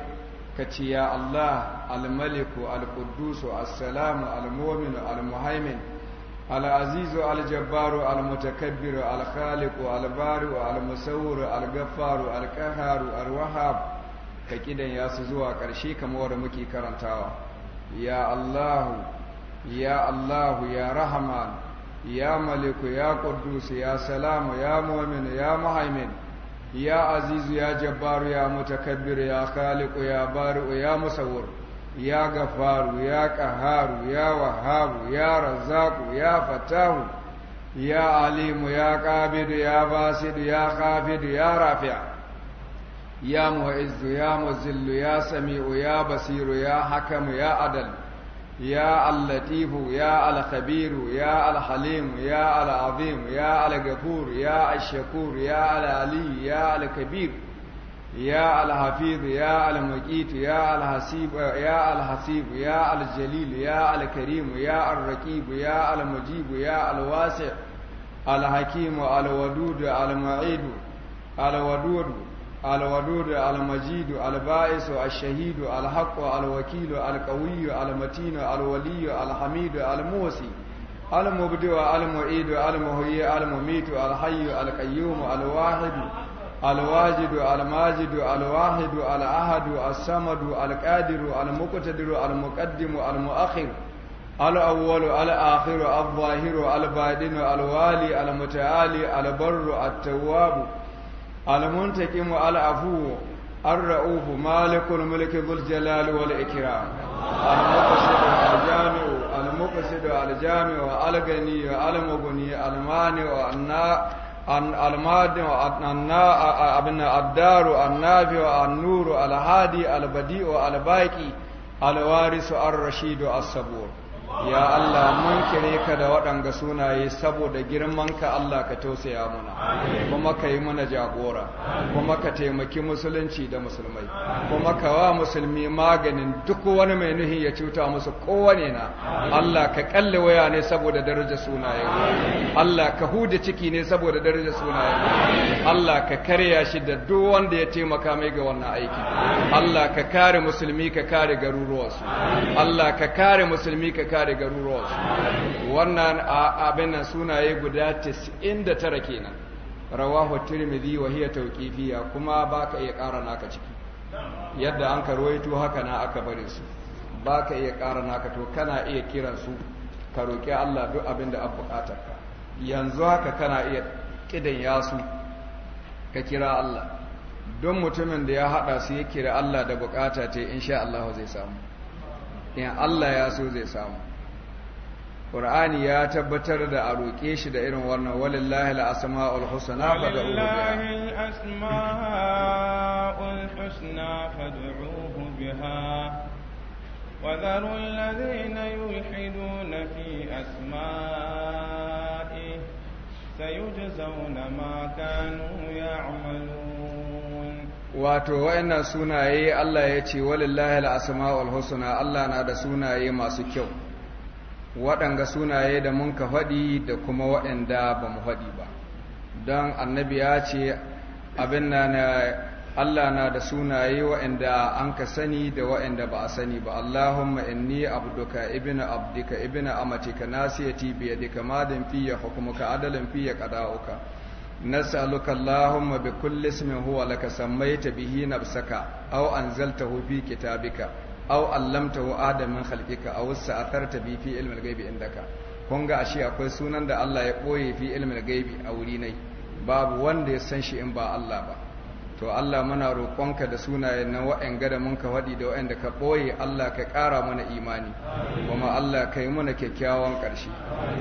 ka ce ya Allah almaliku alƙuddusu assalamu almominu almuhaimin al'azizu aljabbaru almutakabbiru alkhaliku albari'u almusawuru algaffaru alkaharu alwahab ka kidan ya su zuwa ƙarshe kamar da muke karantawa ya Allahu ya Allahu ya Rahman ya Maliku ya Quddus ya Salamu ya Mu'min ya Muhaimin ya azizu ya jabbaru ya mutakabbir ya khaliqu ya bari'u ya musawwir ya gafaru ya ƙaharu, ya wahabu ya razzaqu ya fatahu ya alimu ya qabidu ya basidu ya khafidu ya rafi'u ya mu'izzu ya muzillu ya sami'u ya basiru ya hakamu ya adal. يا اللطيف يا الخبير يا الحليم يا العظيم يا الغفور يا الشكور يا العلي يا الكبير يا الحفيظ يا المقيت يا الحسيب يا الحسيب يا الجليل يا الكريم يا الرقيب يا المجيب يا الواسع الحكيم الودود المعيد الودود الودود المجيد البائس الشهيد الحق الوكيل القوي المتين الولي الحميد الموسي المبدع المعيد المهي المميت الحي القيوم الواحد الواجد الماجد الواحد الأحد الصمد القادر المقتدر المقدم المؤخر الأول الآخر الظاهر الباطن الوالي المتعالي البر التواب al-muntaqim wa al-afu ar-rauf mulki dhul jalali wal ikram al-muqsid al-jami' al-muqsid al al-ghani al-mughni al alwarisu wa anna المادي ابن الدار النافع النور الهادي البديع الباقي الوارث الرشيد الصبور ya Allah mun kire ka da waɗanga sunaye saboda girmanka Allah ka tausaya mana kuma ka yi mana jagora kuma ka taimaki musulunci da musulmai kuma ka wa musulmi maganin duk wani mai nuhi ya cuta musu kowane na Allah ka kalle waya ne saboda daraja sunaye Allah ka huda ciki ne saboda daraja sunaye Allah ka karya shi da duk wanda ya taimaka mai ga wannan aiki Allah ka kare musulmi ka kare garuruwarsu Allah ka kare musulmi ka kare da garuruwa wannan abin nan sunaye guda 99 kenan rawahu tirmidhi wa hiya tawqifiyya kuma baka iya ƙara naka ciki yadda an karwaito haka na aka bari su baka iya ƙara naka to kana iya kiran su ka roƙi Allah duk abin da an buƙatar ka yanzu haka kana iya kidan yasu ka kira Allah don mutumin da ya haɗa su ya kira Allah da bukata ta insha Allah zai samu in Allah ya so zai samu Qur'ani ya tabbatar da a roƙe shi da irin wannan walillahi al-asma'ul husna fad'uhu biha asmaul husna fad'uhu biha وذروا الذين يلحدون في أسمائه سيجزون ما كانوا يعملون wato wa'annan sunaye Allah ya ce walillahi al-asma'ul husna Allah na da sunaye masu kyau waɗanga sunaye da mun ka faɗi da kuma waɗanda ba mu faɗi ba don annabi ya ce abin na Allah na da sunaye waɗanda an ka sani da waɗanda ba a sani ba Allahumma inni abduka ibnu abdika ibnu amatika nasiyati bi yadika madin fiya hukmuka adalan fiya qada'uka nas'aluka Allahumma bi kulli ismin huwa laka sammaita bihi nafsaka aw anzaltahu fi kitabika aw allamtahu adam adamin khalqika aw sa'atharta bi fi ilmi gaibi ghaibi indaka kun ga ashe akwai sunan da Allah ya koye fi ilmi gaibi a wuri nai babu wanda ya san shi in ba Allah ba to Allah muna roƙonka da sunayen nan wa'en gada mun ka faɗi da da ka ɓoye Allah ka ƙara mana imani kuma Allah ka yi mana kyakkyawan ƙarshe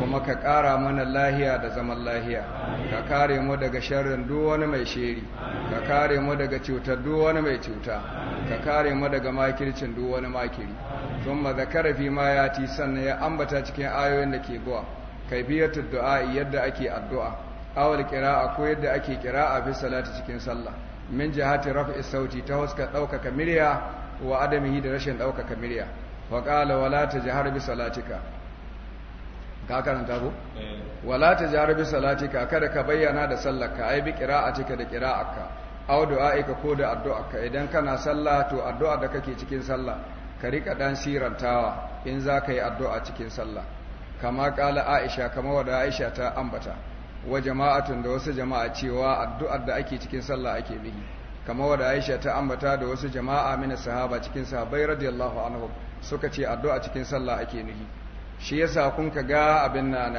kuma ka ƙara mana lahiya da zaman lahiya ka kare mu daga sharrin duk wani mai sheri ka kare mu daga cutar duk wani mai cuta ka kare mu daga makircin duk wani makiri thumma zakara fi ma yati sannan ya ambata cikin ayoyin da ke zuwa kaifiyatu du'a yadda ake addu'a awal qira'a ko yadda ake qira'a fi salati cikin sallah min jihati raf'i sauti ta huska ɗaukaka miriya wa adamihi da rashin ɗaukaka miriya. wa qala wala tajhar bi salatika ka karanta ko eh. wala tajhar bi salatika kada ka bayyana da sallarka ai bi qira'atika da qira'aka aw du'aika ko da addu'arka idan kana sallah to addu'a da kake cikin sallah ka rika dan sirantawa in za ka yi addu'a cikin sallah kama kala aisha kama wada aisha ta ambata wa jama'atun da wasu jama'a cewa addu'ar da ake cikin sallah ake bihi kamar wadda Aisha ta ambata da wasu jama'a mina sahaba cikin sahabbai radiyallahu anhu suka ce addu'a cikin sallah ake nihi shi yasa kun ka ga abin nan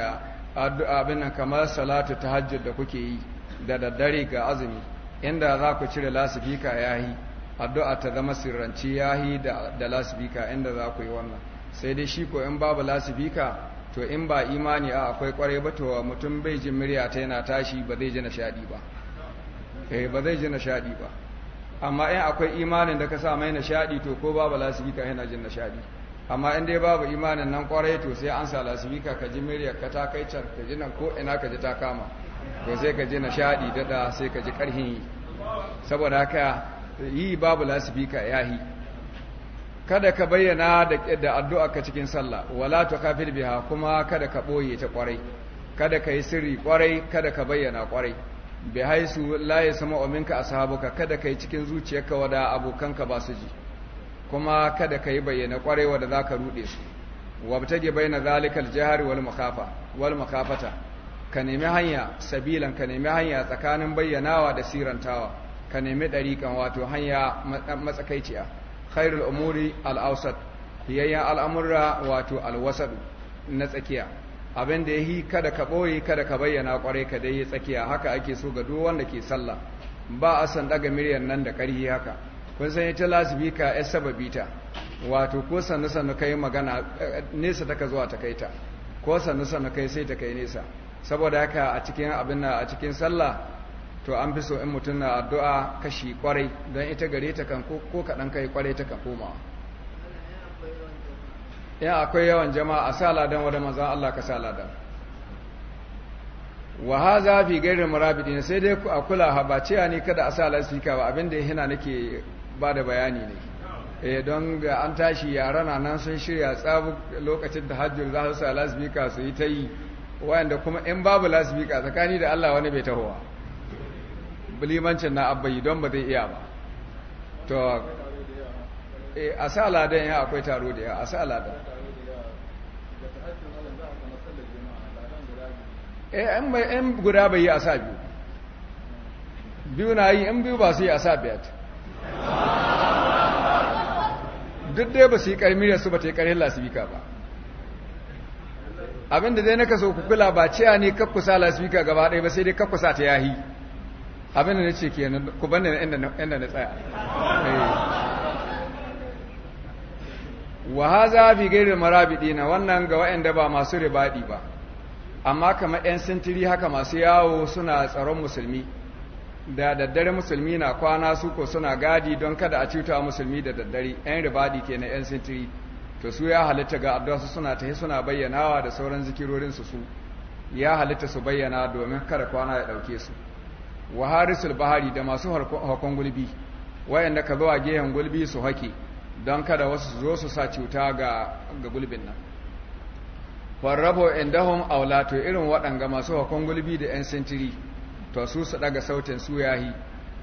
addu'a abin nan kamar salatu tahajjud da kuke yi da daddare ga azumi inda za ku cire lasifika yahi addu'a ta zama sirranci yahi da da inda za ku yi wannan sai dai shi ko in babu lasifika to in ba imani a akwai kwarai ba to mutum bai jin murya ta yana tashi ba zai ji nishadi ba eh ba zai ji nishadi ba amma in akwai imanin da ka sa mai nishadi to ko babu lasifika yana jin nishadi amma in dai babu imanin nan kwarai to sai an sa lasifika ka ji murya ka ta kai can ka ji nan ko ina ka ji ta kama to sai ka ji nishadi dada sai ka ji karhin yi saboda haka yi babu lasifika yahi kada ka bayyana da addu'a ka cikin sallah wala ta kafir biha kuma kada ka ɓoye ta ƙwarai kada ka yi sirri ƙwarai kada ka bayyana ƙwarai bi haisu la ominka a sahabuka kada ka yi cikin zuciyarka wada abokanka ba su ji kuma kada ka yi bayyana ƙwarai wada za ka rude su ke bayyana zalikal jihar wal ka nemi hanya sabilan ka nemi hanya tsakanin bayyanawa da sirantawa ka nemi dariƙan wato hanya matsakaiciya khairul umuri al-awsat yayya al'amurra wato al na tsakiya abin da yahi kada ka boye kada ka bayyana kwarai ka dai tsakiya haka ake so ga duk wanda ke sallah ba a san daga miryan nan da ƙarfi haka kun san ita ka ya sababi ta wato ko sannu sannu kai magana eh, nesa taka zuwa ta kai ta ko sannu sannu kai sai ta kai nesa saboda haka a cikin abin a cikin sallah to an fi so in mutum na addu'a kashi kwarai don ita gare ta kan ko kaɗan kai kwarai ta kan koma in akwai yawan jama'a a sa ladan wadda manzan Allah ka sa ladan wa ha za fi gairin murabidi ne sai dai a kula ha ba cewa ne kada a sa lasika ba abinda ya hina nake ba da bayani ne eh don ga an tashi yara na nan sun shirya tsabu lokacin da hajjul za su sa lasbika su yi ta yi wayanda kuma in babu lasbika tsakani da Allah wani bai tahowa limancin na abbayi don ba zai iya ba to eh, a sa aladen ya akwai taro da yawa a sa ladan eh, in guda bai yi a sa biyu biyu na yi in biyu ba su yi a sa biyar duk dai ba su yi karmi da su ba ta yi karin lasibika ba abinda dai na kaso kukula ba ciya ne kakkusa lasibika gaba ɗaya ba sai dai kakkusa ta yahi abin da na ce kenan ku bane inda na tsaya eh. wa haza fi gairin marabidina wannan ga waɗanda ba masu ribadi ba amma kamar 'yan sintiri haka masu yawo suna tsaron musulmi da daddare musulmi na kwana su ko suna gadi don kada a cuta musulmi da daddare 'yan ribadi ke na 'yan sintiri to su ya halitta ga addu'a su suna tahi suna bayyanawa da sauran zikirorinsu su ya halitta su bayyana domin kada kwana ya ɗauke su wa harisul bahari da masu hakon gulbi wayanda ka zo a gehen gulbi su hake don kada wasu zo su sa cuta ga gulbin nan farrabo indahum aulato irin waɗanga masu hakon gulbi da 'yan sintiri to su su daga sautin su yahi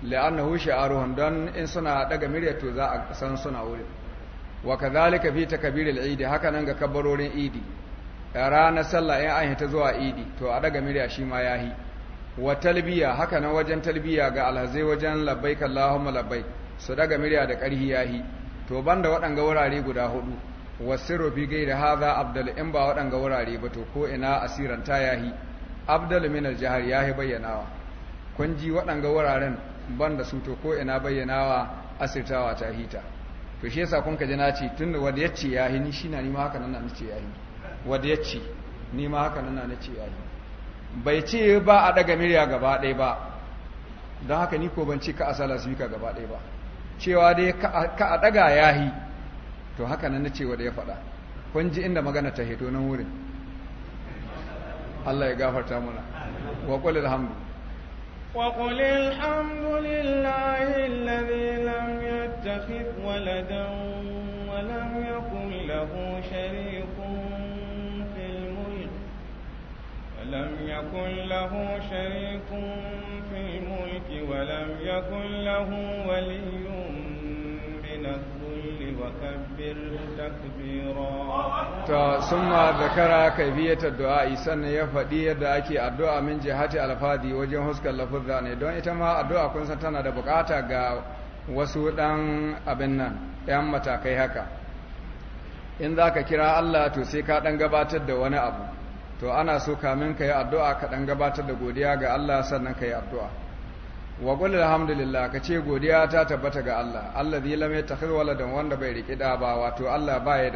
la'annahu sha'aruhum don in suna daga murya to za a san suna wurin wa kadhalika fi takbiril eid haka nan ga kabarorin idi ranar sallah in an hita zuwa idi to a ɗaga murya shi ma yahi wa talbiya haka nan wajen talbiya ga alhazai wajen labbaik Allahumma labai su daga murya da ƙarhi yahi to banda waɗanga wurare guda hudu rufi gai da haza abdal in ba waɗanga wurare ba to ko ina asiran ta yahi abdal min ya yahi bayyanawa kun ji waɗanga wuraren banda su to ko ina bayyanawa asirtawa ta hita to shi yasa kun kaji na ce tunda wanda ya yahi ni shi na ni ma haka nan na ce yahi wanda yace ni ma haka nan na ce yahi bai ce ba a daga murya gaba ɗaya ba don haka ni ko ban ce ka a sala speaker gaba ɗaya ba cewa dai ka a daga yahi to haka nan na ce da ya faɗa kun ji inda magana ta heto nan wurin Allah ya gafarta mana wa qul alhamdu wa lam waladan يكن له شريك في الملك ولم يكن له ولي من الذل وكبر تكبيرا ثم ذكر كيفية الدعاء سنة يفدي يدعك الدعاء من جهة الفادي وجه حسك اللفظة دون إتما الدعاء كن ستنا دبقاتا وسودان أبنا abin كيهكا إن ذاك كرا الله تسيكا دنقباتد kira Allah to ana so kamin ka yi addu'a ka ɗan gabatar da godiya ga Allah sannan ka yi addu'a wa qul alhamdulillah ka ce godiya ta tabbata ga Allah Allah lame ta yattakhidh don wanda bai riƙi ɗa ba wato Allah ba ya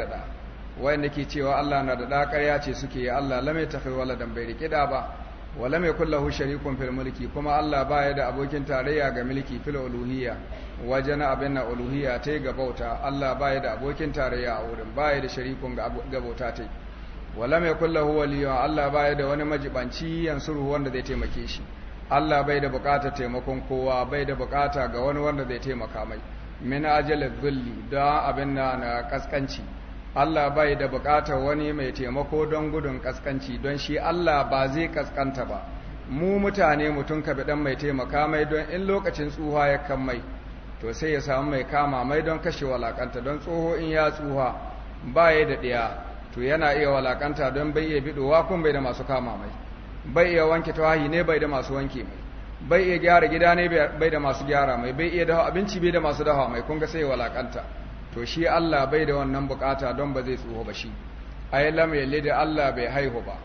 wayan da ke cewa Allah na da ƙarya ce suke yi Allah ta yattakhidh don bai riƙi ɗa ba wa lame kulla hu sharikun fil mulki kuma Allah ba ya da abokin tarayya ga mulki fil uluhiyya wajen abin na uluhiyya ta ga bauta Allah ba ya da abokin tarayya a wurin ba ya da sharikun ga bauta ta wala mai kulla huwa liya Allah baya da wani majibanci yansuru wanda zai taimake shi Allah bai da bukata taimakon kowa bai da bukata ga wani wanda zai taimaka mai min ajalil dhulli da abin na na kaskanci Allah bai da bukatar wani mai taimako don gudun kaskanci don shi Allah ba zai kaskanta ba mu mutane mutum ka dan mai taimaka mai don in lokacin tsuha ya kan mai to sai ya samu mai kama mai don kashe walakanta don tsoho in ya tsuha ba ya da ɗaya to yana iya walakanta don bai iya wa kun bai da masu kama mai bai iya wanke tawahi ne bai da masu wanke mai bai iya gyara gida ne bai da masu gyara mai bai iya dafa abinci bai da masu dafa mai kun ga sai walakanta to shi Allah bai da wannan bukata don ba zai tsoho ba shi ai lam yalid Allah bai haihu ba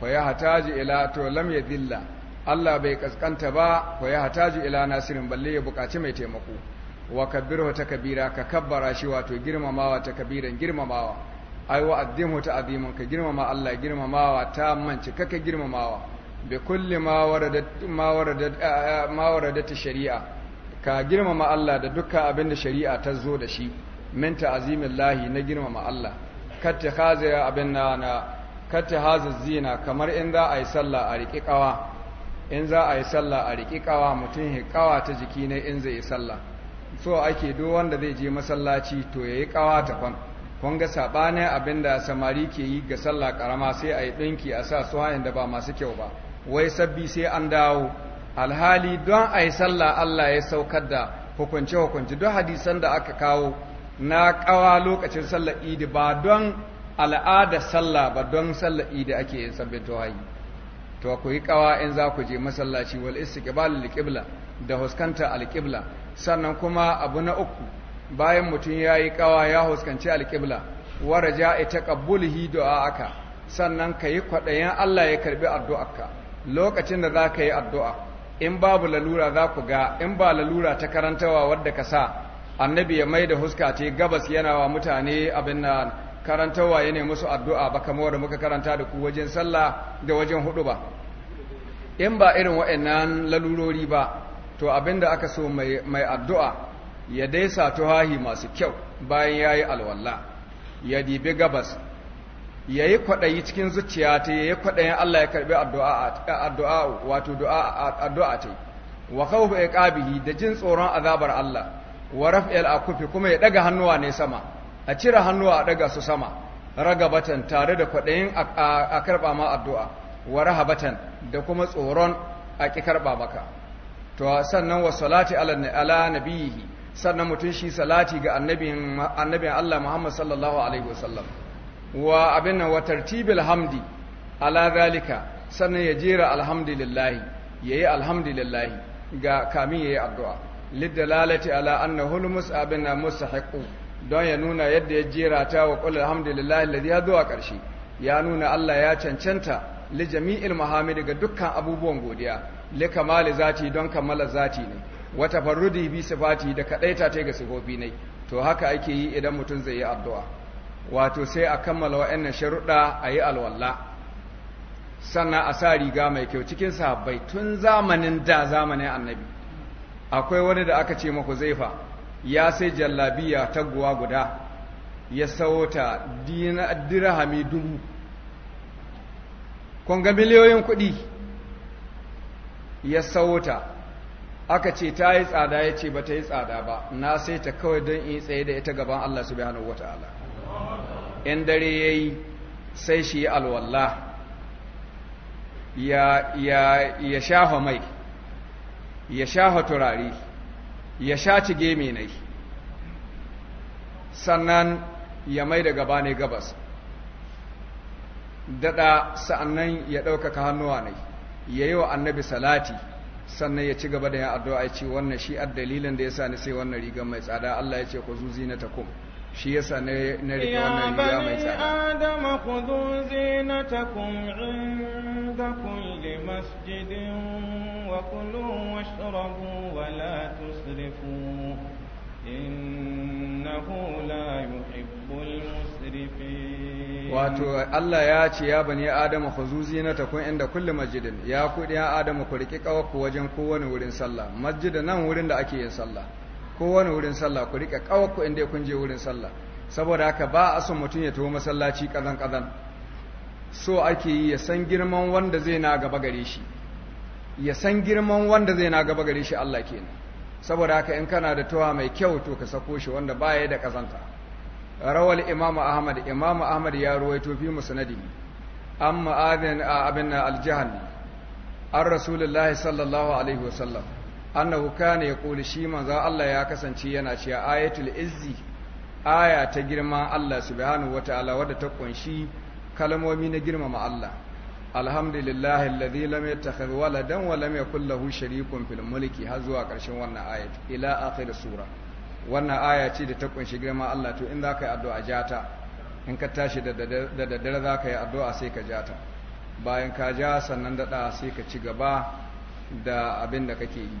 fa ya hataji ila to lam yadilla Allah bai kaskanta ba fa ya hataji ila nasirin balle ya bukaci mai taimako wa kabbirhu takbira ka kabbara shi wato girmamawa takbiran girmamawa ai wa addimu ta aziman ka girmama Allah girmamawa ta mance kaka girmamawa bi kulli ma warada ma warada ma ta shari'a ka girmama Allah da dukkan abin da shari'a ta zo da shi min ta'zimin lahi na girmama Allah katta hazira abin na na katta zina kamar in za a yi sallah a riki kawa in za a yi sallah a riki kawa mutum ya kawa ta jiki ne in zai yi sallah so ake duk wanda zai je masallaci to yayi kawa ta kwana kun ga sabanin abinda samari ke yi ga sallah karama sai a yi ɗinki a sa su hanyar da ba masu kyau ba wai sabbi sai an dawo alhali don a yi sallah Allah ya saukar da hukunce hukunce don hadisan da aka kawo na kawa lokacin sallar idi ba don al'ada sallah ba don sallar idi ake yin sabbin tuhayi to ku yi kawa in za ku je masallaci wal istiqbal liqibla da huskanta alqibla sannan kuma abu na uku bayan mutum ya yi kawa ya huskanci alƙibla wara ja ja'i taqabbulihi aka sannan ka yi kwaɗayen Allah ya karbi addu'arka lokacin da za ka yi addu'a in babu lalura za ku ga in ba lalura ta karantawa wadda ka sa annabi ya mai da huska ce gabas yana wa mutane abin na karantawa ya nemi su addu'a ba kamar da muka karanta da ku wajen sallah da wajen hudu ba in ba irin waɗannan lalurori ba to abin da aka so mai addu'a ya dai sa tuhahi masu kyau bayan ya yi alwalla ya dibi gabas ya yi kwaɗayi cikin zuciya ta ya yi kwaɗayin Allah ya karɓi addu'a wato addu'a ta wa kawo ƙabi da jin tsoron azabar Allah wa a akufi kuma ya ɗaga hannuwa ne sama a cire hannuwa a ɗaga su sama ragabatan tare da kwaɗayin a karɓa ma addu'a wa rahabatan da kuma tsoron a ƙi karɓa maka to sannan wa salati ala nabihi sannan mutum shi salati ga annabin Allah Muhammad sallallahu alaihi wasallam wa abin wa tartibil hamdi ala zalika sannan ya jera alhamdulillahi yayi alhamdulillahi ga kamin yayi addu'a lidalalati ala annahu almus'abin mustahiqu don ya nuna yadda ya jera ta wa qul alhamdulillahi alladhi ya zuwa karshe ya nuna Allah ya cancanta li jami'il mahamidi ga dukkan abubuwan godiya li kamali zati don kammala zati ne wata farudi bi sifati da kadaita ta ga sifofi ne to haka ake yi idan mutum zai yi addu'a wato sai a kammala wa'annan sharuɗa a yi sannan a sa riga mai kyau cikin sahabbai tun zamanin da zamanin annabi akwai wani da aka ce maku zaifa ya sai jallabiya taguwa guda ya sauta dirhami dubu kun miliyoyin kuɗi ya sauta aka ce ta yi tsada ya ce ba ta yi tsada ba na sai ta kawai don in tsaye da ita gaban Allah subhanahu wata'ala in dare ya yi sai shi yi alwalla ya shafa mai ya shafa turare ya sha cige menai sannan ya mai da gaba ne gabas daɗa sa'annan ya ɗaukaka hannuwa ne ya yi wa annabi salati sannan ya ci gaba da yin addu'a ya ce wannan shi ad dalilin da sa ni sai wannan riga mai tsada Allah ya ce ku zuzi na takum shi ya sa na rike wannan riga mai tsada ya adama khudhu zinatakum inda kulli masjidin wa kulu washrabu wa la tusrifu innahu la yuhibbu wato Allah ya ce ya bani Adamu khuzu takun inda kulli masjidin ya ku ɗiyan Adamu ku riƙi ku wajen kowane wurin sallah masjidin nan wurin da ake yin sallah kowane wurin sallah ku riƙe ku inda kun je wurin sallah saboda haka ba a son mutum ya taho masallaci kazan kazan so ake yi ya san girman wanda zai na gaba gare shi ya san girman wanda zai na gaba gare shi Allah kenan saboda haka in kana da tuwa mai kyau to ka sako shi wanda baya da kazanta rawal imamu ahmad imamu ahmad ya ruwaito fi musnadihi an ma'adin abin aljihanni an rasulullahi sallallahu alaihi wasallam annahu kana yaqulu shi manzo Allah ya kasance yana cewa ayatul izzi aya ta girma Allah subhanahu wataala wadda ta kunshi kalmomi na girmama Allah alhamdulillahi alladhi lam yattakhidh waladan wa lam yakul lahu sharikun fil mulki har zuwa karshen wannan ayat ila akhir sura wannan aya ce da ta kunshi girma Allah to in za ka yi addu'a jata in ka tashi da daddare za ka yi addu'a sai ka jata bayan ka ja sannan daɗa sai ka ci gaba da abin da kake yi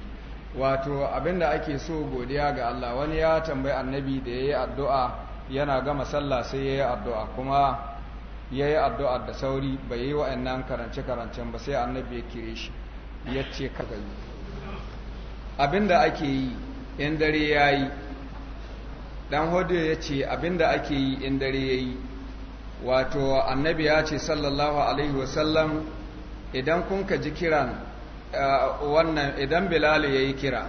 wato abin da ake so godiya ga Allah wani ya tambayi annabi da ya yi addu'a yana gama sallah sai ya yi addu'a kuma ya yi addu'a da sauri bai yi wa'annan karance-karancen ba sai annabi ya kire ya ce ka yi abin da ake yi in dare ya yi dan hodo ya ce abinda ake yi in dare ya yi wato annabi ya ce sallallahu alaihi wasallam idan kun ka ji kiran uh, wannan idan bilal ya yi kira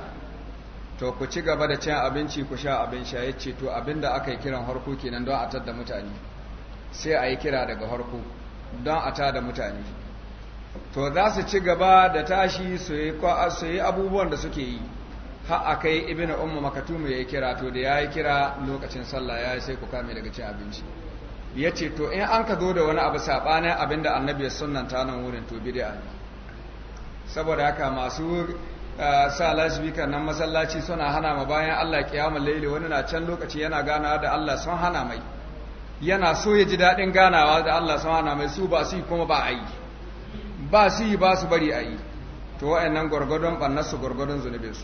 to ku ci gaba da cin abinci ku sha abin sha ya ce to abinda aka yi kiran harko kenan don a tadda mutane sai a yi kira daga harko don a tada mutane to za su ci gaba da tashi su yi abubuwan da suke yi har a kai ibn umma makatumu ya yi kira to da ya yi kira lokacin sallah ya yi sai ku kame daga cin abinci ya ce to in an ka zo da wani abu saɓanin abin da annabi ya ta nan wurin to da ne saboda haka masu eh, sa lasbika nan masallaci suna hana ma bayan Allah kiyama laili wani na can lokaci yana ganawa da Allah sun hana mai yana so ya ji daɗin ganawa da Allah sun hana mai su ba su yi kuma ba a yi ba su yi ba su bari a yi to wa'annan gwargwadon ɓannarsu gwargwadon zunubinsu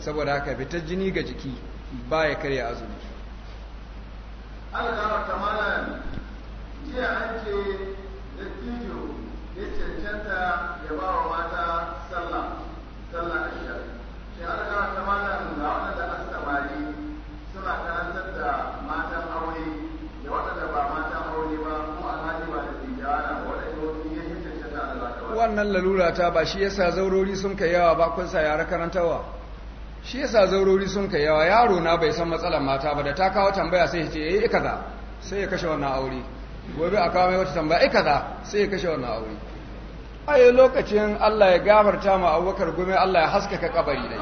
saboda haka fitar jini ga jiki ba ya karya azumi algara kamalan jiya an ce dattijo ya cancanta ya ba wa mata sallah sallah ashar shi algara kamalan ga waɗanda an samari suna karantar da matan aure da waɗanda ba matan aure ba kuma alhaji ba da tijjana waɗanda wasu ya cancanta da wannan lalura ta ba shi yasa zaurori sun kai yawa ba kun sa karantawa shi yasa zaurori sun kai yawa yaro na bai san matsalar mata ba da ta kawo tambaya sai ya ce eh kaza sai ya kashe wannan aure gobe a kawo mai wata tambaya eh kaza sai ya kashe wannan aure ai lokacin Allah ya gafarta ma Abubakar gome Allah ya haskaka kabari dai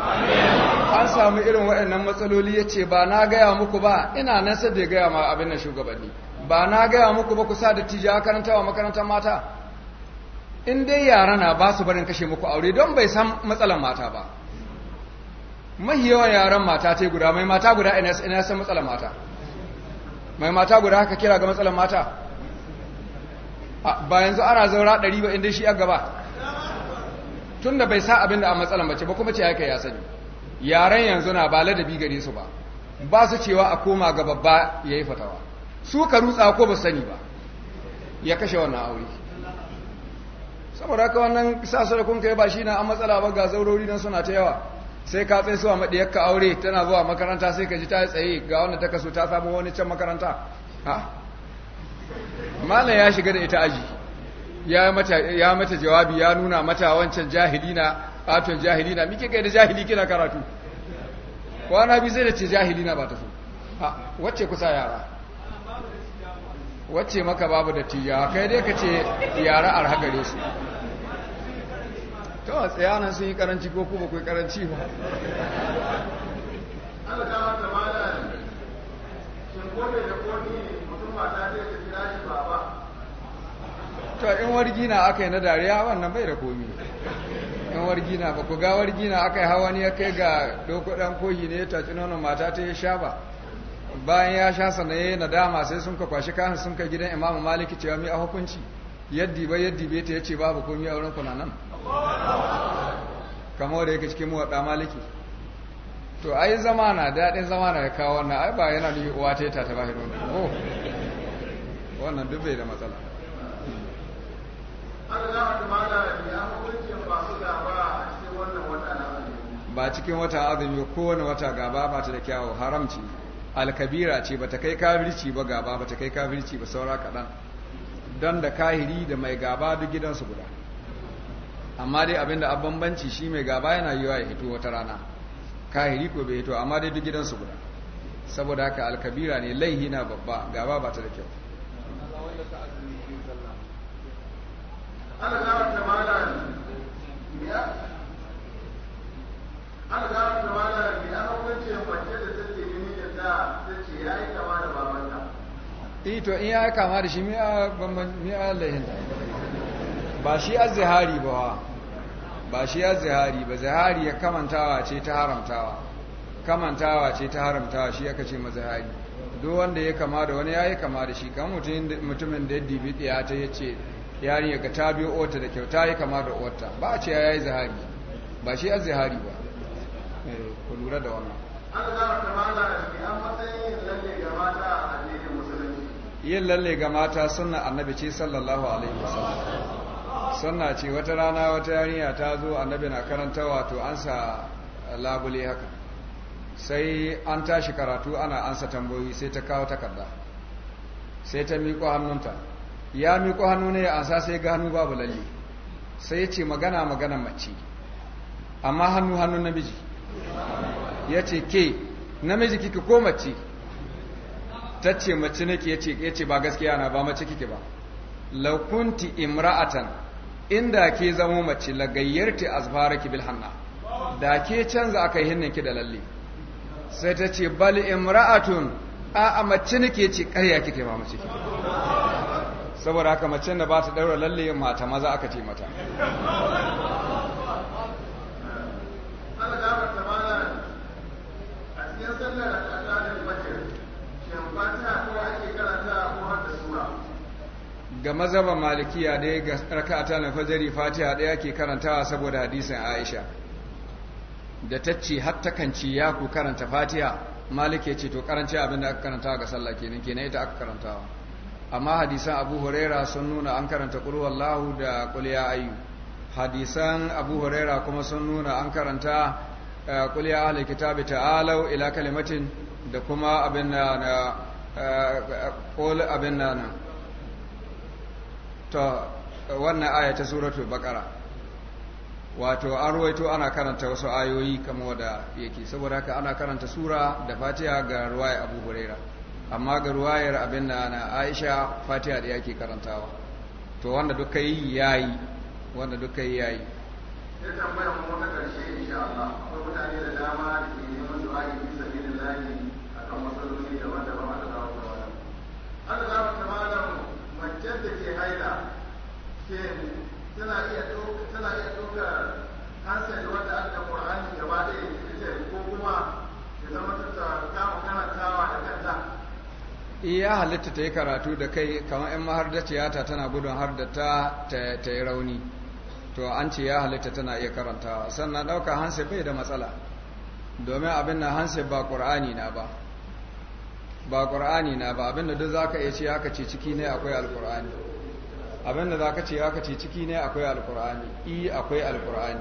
an samu irin waɗannan matsaloli yace ba na gaya muku ba ina nan sai da gaya ma abin nan shugabanni ba na gaya muku ba ku sa da tija karanta wa makarantar mata in dai yara na ba su barin kashe muku aure don bai san matsalar mata ba mahi yawan yaran mata ta guda mai mata guda ina san matsalar mata mai mata guda haka kira ga matsalar mata ba yanzu ana zaura ɗari ba inda shi a gaba tun da bai sa abin da a matsalar mace ba kuma ce haka ya sani yaran yanzu na ba ladabi gare su ba ba su cewa a koma ga babba ya yi fatawa su ka rutsa ko ba sani ba ya kashe wannan aure saboda haka wannan sasarakunka ya ba shi na an matsala ba ga zaurori nan suna ta yawa sai ka tsaye suwa maɗiyarka aure tana zuwa makaranta sai ka ji ta tsaye ga wanda ta kaso ta samu wani can makaranta malam ya shiga da ita aji ya mata jawabi ya nuna mata wancan jahili na aton jahili na mike kai da jahili kina karatu kwana bi zai da ce jahili na ba ta so Ha? wacce kusa yara wacce maka babu da tijawa kai dai ka ce yara gare su kawai tsayanan sun yi karanci ko kuma kai karanci ba to in wargi na aka yi na dariya wannan bai da komi in wargi na ba ku ga wargi aka yi hawa ne ya kai ga dokudan kogi ne ya taci nonon mata ta ya sha ba bayan ya sha sana ya nadama sai sun ka kwashi kahan sun ka gidan imamu maliki cewa mi a hukunci yaddi ba yaddi bai ta ya ce babu komi a wurin kuna nan kamar da yake cikin muwaɗa maliki to a zama zamana daɗin zamana ya kawo wannan ai ba yana nufi uwa ta yi ta bashi nono ko wannan dubbe da matsala ba cikin wata azumi kowane wata gaba ba ta da kyawu haramci alkabira ce ba ta kai kafirci ba gaba ba ta kai kafirci ba saura kaɗan don da kahiri da mai gaba duk gidansu guda amma dai abinda a bambanci shi mai gaba yana yiwa ya hito wata rana kahiri ko bai hito amma dai duk gidansu guda saboda haka alkabira ne laihi na babba gaba ba ta da kyau ito eh in ya kama da shi mi'a laihinta ba shi azzihari ba wa ba shi azzihari ba zihari ya kamantawa ce ta haramtawa kamantawa ce ta haramtawa shi aka ce mazahari duk wanda ya kama da wani ya yi kama da shi kan mutumin da ya dibi ya ta yi ce yarinya ga ta biyo ota da kyauta ya kama da ota ba a ce ya yi zahari ba shi azzihari ba eh, ku lura da wannan yin lalle ga mata sunna annabi ce sallallahu alaihi wasallam sannan ce wata rana wata yarinya ta zo annabi na karanta wato ansa labule haka sai an tashi karatu ana ansa tambayoyi sai ta kawo takarda sai ta miƙo hannunta ya miƙo hannu ne ansa sai ga hannu babu lalle sai ya ce magana magana mace amma hannu hannun namiji ya ce ke namiji kike ko mace ta ce mace nake ya ce ba gaskiya na ba mace kike ba laukunti imra'atan inda ke zamo mace lagayyarti azfaraki bil hanna da ke canza aka yi ki da lalle sai ta ce bal imra'atun a a mace nake ce ƙarya kike ma mace kike saboda haka mace da ba ta daura lalle mata maza aka ce mata ga mazhaba malikiya dai ga a na fajari fatiha daya ke karantawa saboda hadisin Aisha da tacce har kanci ya ku karanta fatiha malike ce to karanci abin da aka karanta ga sallah kenan kenan ita aka karantawa amma hadisan Abu Huraira sun nuna an karanta qul wallahu da qul ya ayyu hadisan Abu Huraira kuma sun nuna an karanta eh, qul ya ahli kitabi ta'alu ila kalimatin da kuma abin na eh, eh, qul ta wannan aya ta suratu baqara wato an ruwaito ana karanta wasu ayoyi kama wanda yake saboda haka ana karanta sura da fatiha ga ruwayar abu huraira amma ga ruwayar abin da na aisha fatiha da yake karantawa to wanda duka yi yayi wanda duka yi yayi ya tambaya kuma ta karshe insha Allah akwai mutane da dama da ke neman du'a tana iya ɗaukar hansel wanda aka ƙur'ani gaba ɗaya ita ko kuma ya zama ta kama karantawa da kanta eh, ya halitta ta yi karatu da kai kamar 'yan mahardaciyata tana gudun har da ta ta yi rauni to an ce ya halitta tana iya karantawa sannan ɗauka hansi bai da matsala domin abin na hansi ba ƙur'ani na ba ba ƙur'ani na ba abin da duk za ka iya ce haka ce ciki ne akwai alƙur'ani abinda za ka ce ya ce ciki ne akwai alkur'ani i akwai alkur'ani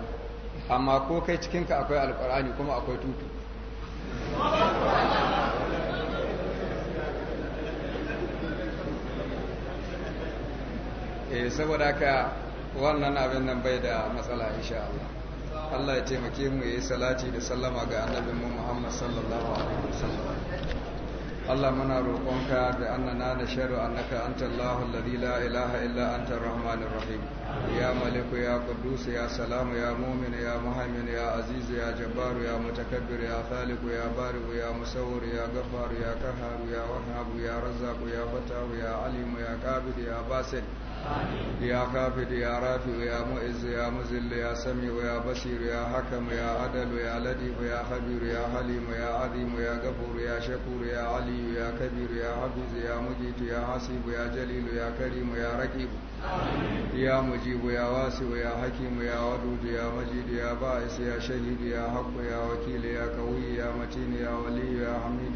amma ko kai cikinka akwai alkur'ani kuma akwai tutu E saboda ka wannan abin nan bai da matsala insha Allah Allah ya taimake mu yayi salati da sallama ga annabinmu Muhammad sallallahu alaihi wasallam Allah muna roƙonka da annana da sharu annaka anta Allahu alladhi la ilaha illa anta arrahmanir rahim ya maliku ya qudus ya salamu ya mu'min ya muhaimin ya aziz ya jabbar ya mutakabbir ya khaliq ya bari'u ya musawwir ya ghaffar ya qahhar ya wahhab ya razzaq ya fatah ya alim ya qabid ya basit يا خافض يا رافع يا مؤز يا مذل يا سميع يا بصير يا حكم يا عدل يا لطيف ya خبير ya حليم ya عظيم ya غفور ya شكور ya عليم aliyu ya kabiru ya hafizu ya mujitu ya hasibu ya jalilu ya karimu ya rakibu ya mujibu ya wasiu ya hakimu ya wadudu ya majidu ya ba'is ya shahidu ya haqqu ya Wakili ya qawiyu ya matini ya waliyu ya hamidu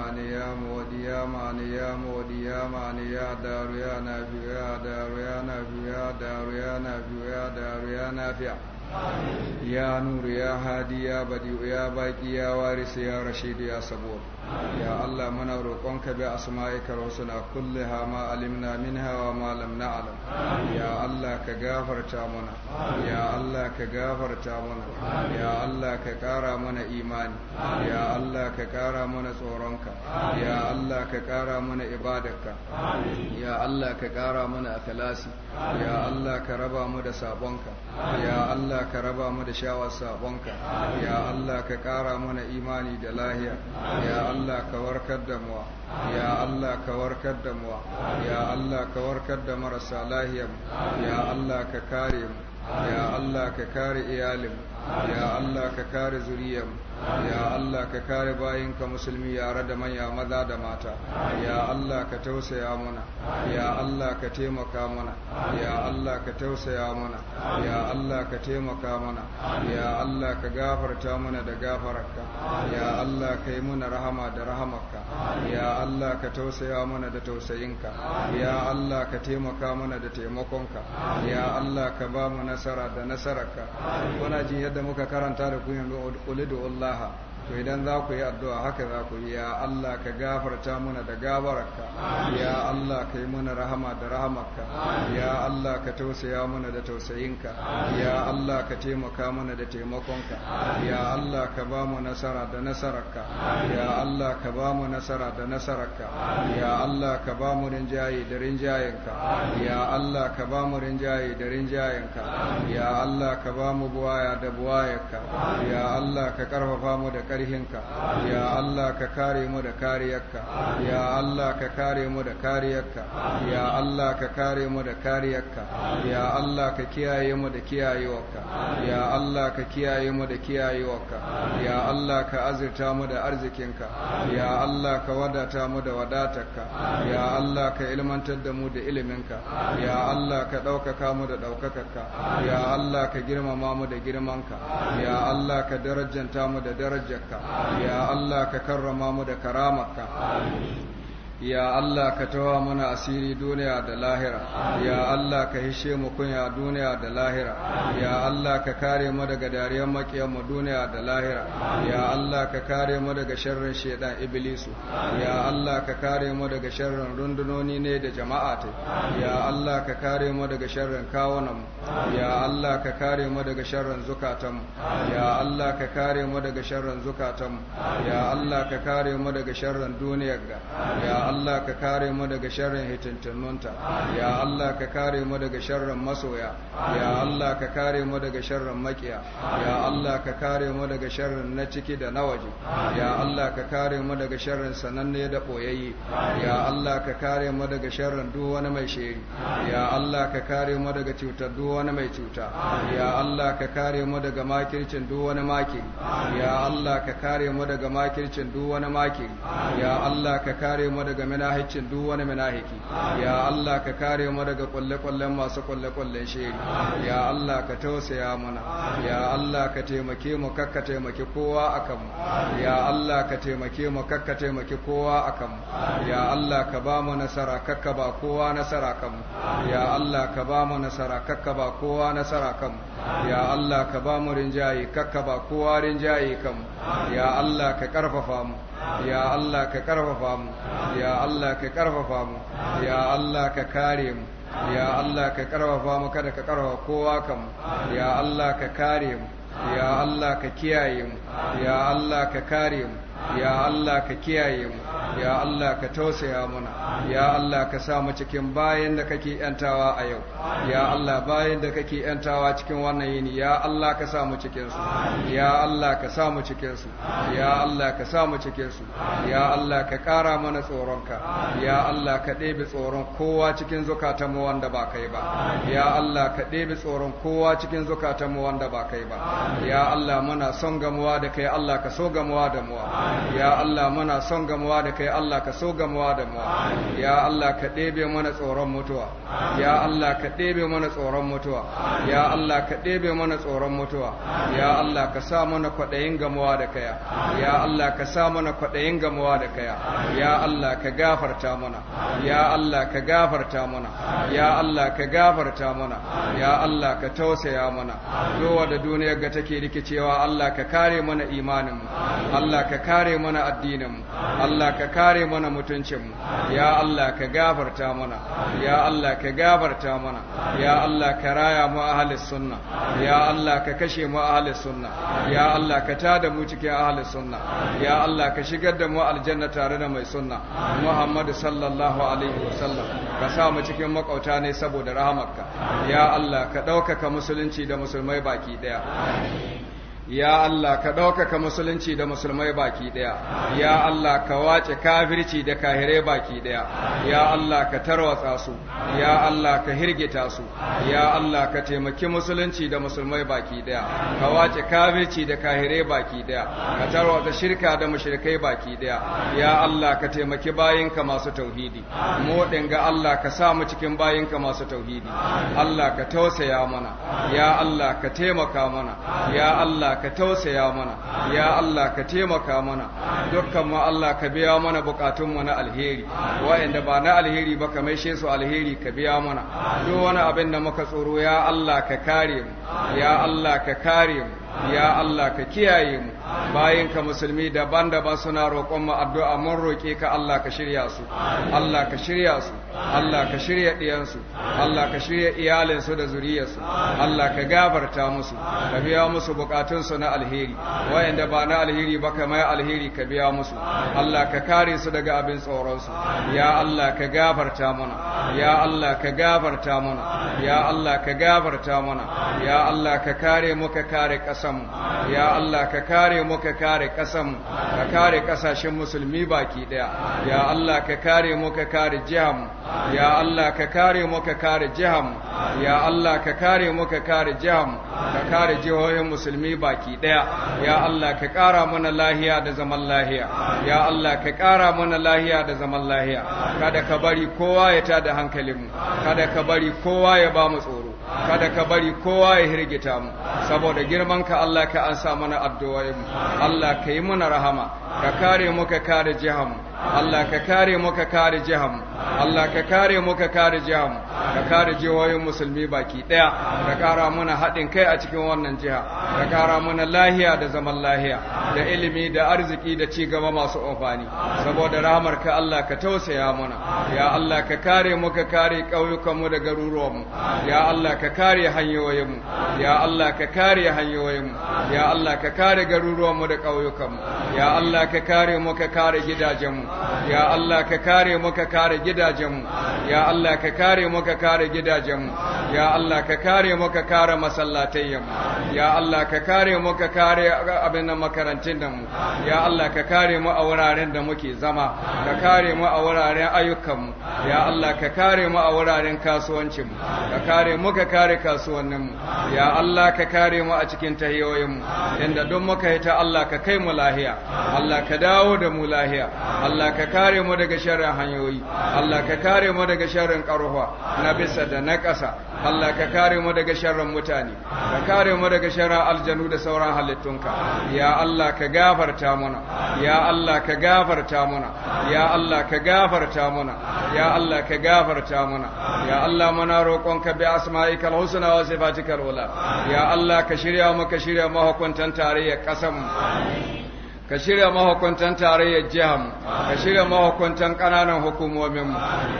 မာနိယမောတိယမာနိယမောတိယမာနိယတာရိယနာပြုရတာရိယနာပြုရတာရိယနာပြုရတာရိယနာဖြင့် يا نور يا هادي يا بديع يا باقي يا وارث يا رشيد يا صبور يا الله منا روقنك بأسمائك الحسنى كلها ما علمنا منها وما لم نعلم يا الله كغافر تامنا يا الله كغافر تامنا يا الله كقارا منا إيمان يا الله كقارا منا صورنك يا الله كقارا منا عبادك يا الله كقارا منا أخلاصي يا الله كربا منا سابنك يا الله Allah ka raba mu da shawar sabonka ya Allah ka ƙara mana imani da lahiya ya Allah ka warkar da mu ya Allah ka warkar da mu ya Allah ka warkar da marasa lahiyar ya Allah ka kare mu ya Allah ka kare iyalin ya Allah ka kare zuriyar ya Allah ka kare bayinka musulmi yare da manya maza da mata ya Allah ka tausaya mana ya Allah ka taimaka mana ya Allah ka tausaya mana ya Allah ka taimaka mana ya Allah ka gafarta mana da gafararka ya Allah ka yi mana rahama da rahamarka ya Allah ka tausaya mana da tausayinka ya Allah ka taimaka mana da taimakonka ya Allah ka ba mu nasara da nasararka kuna jin yadda muka karanta da ku yanzu ulidu Allah 哈。to idan za ku yi addu'a haka za ku yi ya Allah ka gafarta muna da gabararka ya Allah ka yi muna rahama da rahamarka ya Allah ka tausaya muna da tausayinka ya Allah ka taimaka muna da taimakonka ya Allah ka ba mu nasara da nasararka ya Allah ka ba mu nasara da nasararka ya Allah ka ba mu rinjaye da rinjayenka ya Allah ka ba mu rinjaye da rinjayenka ya Allah ka ba mu buwaya da buwayarka ya Allah ka karfafa mu da ƙarhinka ya Allah ka kare mu da kariyarka ya Allah ka kare mu da kariyarka ya Allah ka kare mu da kariyarka ya Allah ka kiyaye mu da kiyayewarka ya Allah ka kiyaye mu da kiyayewarka ya Allah ka azirta mu da arzikinka ya Allah ka wadata mu da wadatarka ya Allah ka ilmantar da mu da iliminka ya Allah ka ɗaukaka mu da ɗaukakarka ya Allah ka girmama mu da girmanka ya Allah ka darajanta mu da darajar ya Allah ka karrama mu da karamarka ya Allah ka tawa mana asiri duniya da lahira ya Allah ka hishe mu kunya duniya da lahira ya Allah ka kare mu daga dariyar makiyan mu duniya da lahira ya Allah ka kare mu daga sharrin shaidan iblisu ya Allah ka kare mu daga sharrin rundunoni ne da jama'a ta ya Allah ka kare mu daga sharrin kawunan mu ya Allah ka kare mu daga sharrin zukatan mu ya Allah ka kare mu daga sharrin zukatan mu ya Allah ka kare mu daga sharrin duniyar ga ya Allah ka kare mu daga sharrin hitintununta ya Allah ka kare mu daga sharrin masoya ya Allah ka kare mu daga sharrin makiya ya Allah ka kare mu daga sharrin na ciki da na waje ya Allah ka kare mu daga sharrin sananne da koyayye ya Allah ka kare mu daga sharrin duk wani mai sheri ya Allah ka kare mu daga cutar duk wani mai cuta ya Allah ka kare mu daga makircin duk wani makiri ya Allah ka kare mu daga makircin duk wani makiri ya Allah ka kare mu daga daga manahicin duk wani manahiki ya Allah ka kare mu daga kwalle-kwallen masu kwalle-kwallen shiri ya Allah ka tausaya mana ya Allah ka taimake mu kakka taimake kowa akan mu ya Allah ka taimake mu kakka taimake kowa akan mu ya Allah ka ba mu nasara kakka ba kowa nasara kan mu ya Allah ka ba mu nasara kakka ba kowa nasara kan mu ya Allah ka ba mu rinjaye kakka ba kowa rinjaye kan mu ya Allah ka karfafa mu ya Allah ka ƙarfafa mu ya Allah ka ƙarfafa mu ya Allah ka kare mu ya Allah ka ƙarfafa mu kada ka ƙarfafa kowa kan ya Allah ka kare mu ya Allah ka kiyaye mu ya Allah ka kare mu ya Allah ka kiyaye mu ya Allah ka tausaya mana ya Allah ka sa mu cikin bayan da kake yantawa a yau ya Allah bayan da kake yantawa cikin wannan yini ya Allah ka sa mu cikin su ya Allah ka sa mu cikin su ya Allah ka sa mu cikin su ya Allah ka ƙara mana tsoronka ya Allah ka ɗebe tsoron kowa cikin zukata mu wanda ba kai ba ya Allah ka ɗebe tsoron kowa cikin zukata mu wanda ba kai ba ya Allah muna son gamuwa da kai Allah ka so gamuwa da mu ya Allah muna son gamuwa da kai kai Allah ka so gamuwa da mu ya Allah ka ɗebe mana tsoron mutuwa ya Allah ka ɗebe mana tsoron mutuwa ya Allah ka ɗebe mana tsoron mutuwa ya Allah ka sa mana kwaɗayin gamuwa da kaya ya Allah ka sa mana kwaɗayin gamuwa da kaya ya Allah ka gafarta mana ya Allah ka gafarta mana ya Allah ka gafarta mana ya Allah ka tausaya mana dowa da duniyar ga take rikicewa Allah ka kare mana imaninmu Allah ka kare mana mu Allah ka kare mana mutuncinmu ya Allah ka gafarta mana ya Allah ka gafarta mana ya Allah ka raya mu ahalis sunna ya Allah ka kashe mu ahalis sunna ya Allah ka tada mu cikin ahalis sunna ya Allah ka shigar da mu aljanna tare da mai sunna Muhammadu sallallahu alaihi wasallam ka sa mu cikin makauta ne saboda rahamarka ya Allah ka ɗaukaka musulunci da musulmai baki ɗaya ya Allah ka ɗaukaka musulunci da musulmai baki ɗaya ya Allah ka wace kafirci da kahire baki ɗaya ya Allah ka tarwatsa su ya Allah ka hirgita su ya Allah ka taimaki musulunci da musulmai baki ɗaya ka wace kafirci da kahire baki ɗaya ka tarwatsa shirka da mushrikai baki ɗaya ya Allah ka taimaki bayinka masu tauhidi mu ga Allah ka sa mu cikin bayinka masu tauhidi Allah ka tausaya mana ya Allah ka taimaka mana ya Allah ka tausaya mana ya Allah ka taimaka mana dukkan mu Allah ka biya mana bukatun mu na alheri wa'anda ba na alheri ba ka maishe su alheri ka biya mana duk wani abin da muka tsoro ya Allah ka kare mu ya Allah ka kare mu ya Allah ka kiyaye mu bayan ka musulmi daban-daban suna roƙon mu addu'a mun roƙe ka Allah ka shirya su Allah ka shirya su Allah ka shirya ɗiyansu Allah ka shirya iyalinsu da zuriyarsu Allah ka gabarta musu ka biya musu su na alheri wayanda ba na alheri ba ka mai alheri ka biya musu Allah ka kare su daga abin tsoronsu ya Allah ka gabarta mana ya Allah ka gabarta mana ya Allah ka gabarta mana ya Allah ka kare mu ka kare ƙasa ƙasanmu ya Allah ka kare mu ka kare ƙasanmu ka kare ƙasashen musulmi baki ɗaya ya Allah ka kare mu ka kare jihanmu ya Allah ka kare mu ka kare jihanmu ya Allah ka kare mu ka kare jihanmu ka kare jihohin musulmi baki ɗaya ya Allah ka ƙara mana lahiya da zaman lahiya ya Allah ka ƙara mana lahiya da zaman lahiya kada ka bari kowa ya tada hankalinmu kada ka bari kowa ya ba mu tsoro kada ka bari kowa ya hirgita mu saboda girman ka Allah ka sa mana addu'o'i mu Allah ka yi mana rahama ka kare mu ka kare jihar Allah ka kare mu ka kare jihar Allah ka kare mu ka kare ka kare jihohin musulmi baki daya ka kara mana haɗin kai a cikin wannan jiha ka kara mana lahiya da zaman lahiya da ilimi da arziki da ci gaba masu amfani saboda rahamar ka Allah ka tausaya mana ya Allah ka kare mu ka kare ƙauyukan mu da garuruwan mu ya Allah ka kare hanyoyinmu ya Allah ka kare hanyoyinmu ya Allah ka kare garuruwanmu da ƙauyukanmu ya Allah ka kare mu ka kare gidajenmu ya Allah ka kare mu ka kare gidajenmu ya Allah ka kare mu ka kare gidajenmu ya Allah ka kare mu ka kare masallatayyanmu ya Allah ka kare mu ka kare abin nan makarantun da mu ya Allah ka kare mu a wuraren da muke zama ka kare mu a wuraren ayyukanmu ya Allah ka kare mu a wuraren kasuwancinmu ka kare mu ka kare kasuwanninmu ya Allah ka kare mu a cikin tahiyoyinmu inda don muka hita Allah ka kai mu lahiya Allah ka dawo da mu lahiya Allah ka kare mu daga sharrin hanyoyi Allah ka kare mu daga sharrin karuwa na bisa da na ƙasa Allah ka kare mu daga sharrin mutane ka kare mu daga sharrin aljanu da sauran halittunka ya Allah ka gafarta mana ya Allah ka gafarta mana ya Allah ka gafarta mana ya Allah ka gafarta mana ya Allah muna roƙonka bi asma'i asma'ikal husna wa sifatikal ula ya Allah ka shirya mu ka shirya mahukuntan tarayyar kasar mu ka shirya mahukuntan tarayyar jihar ka shirya mahukuntan ƙananan hukumominmu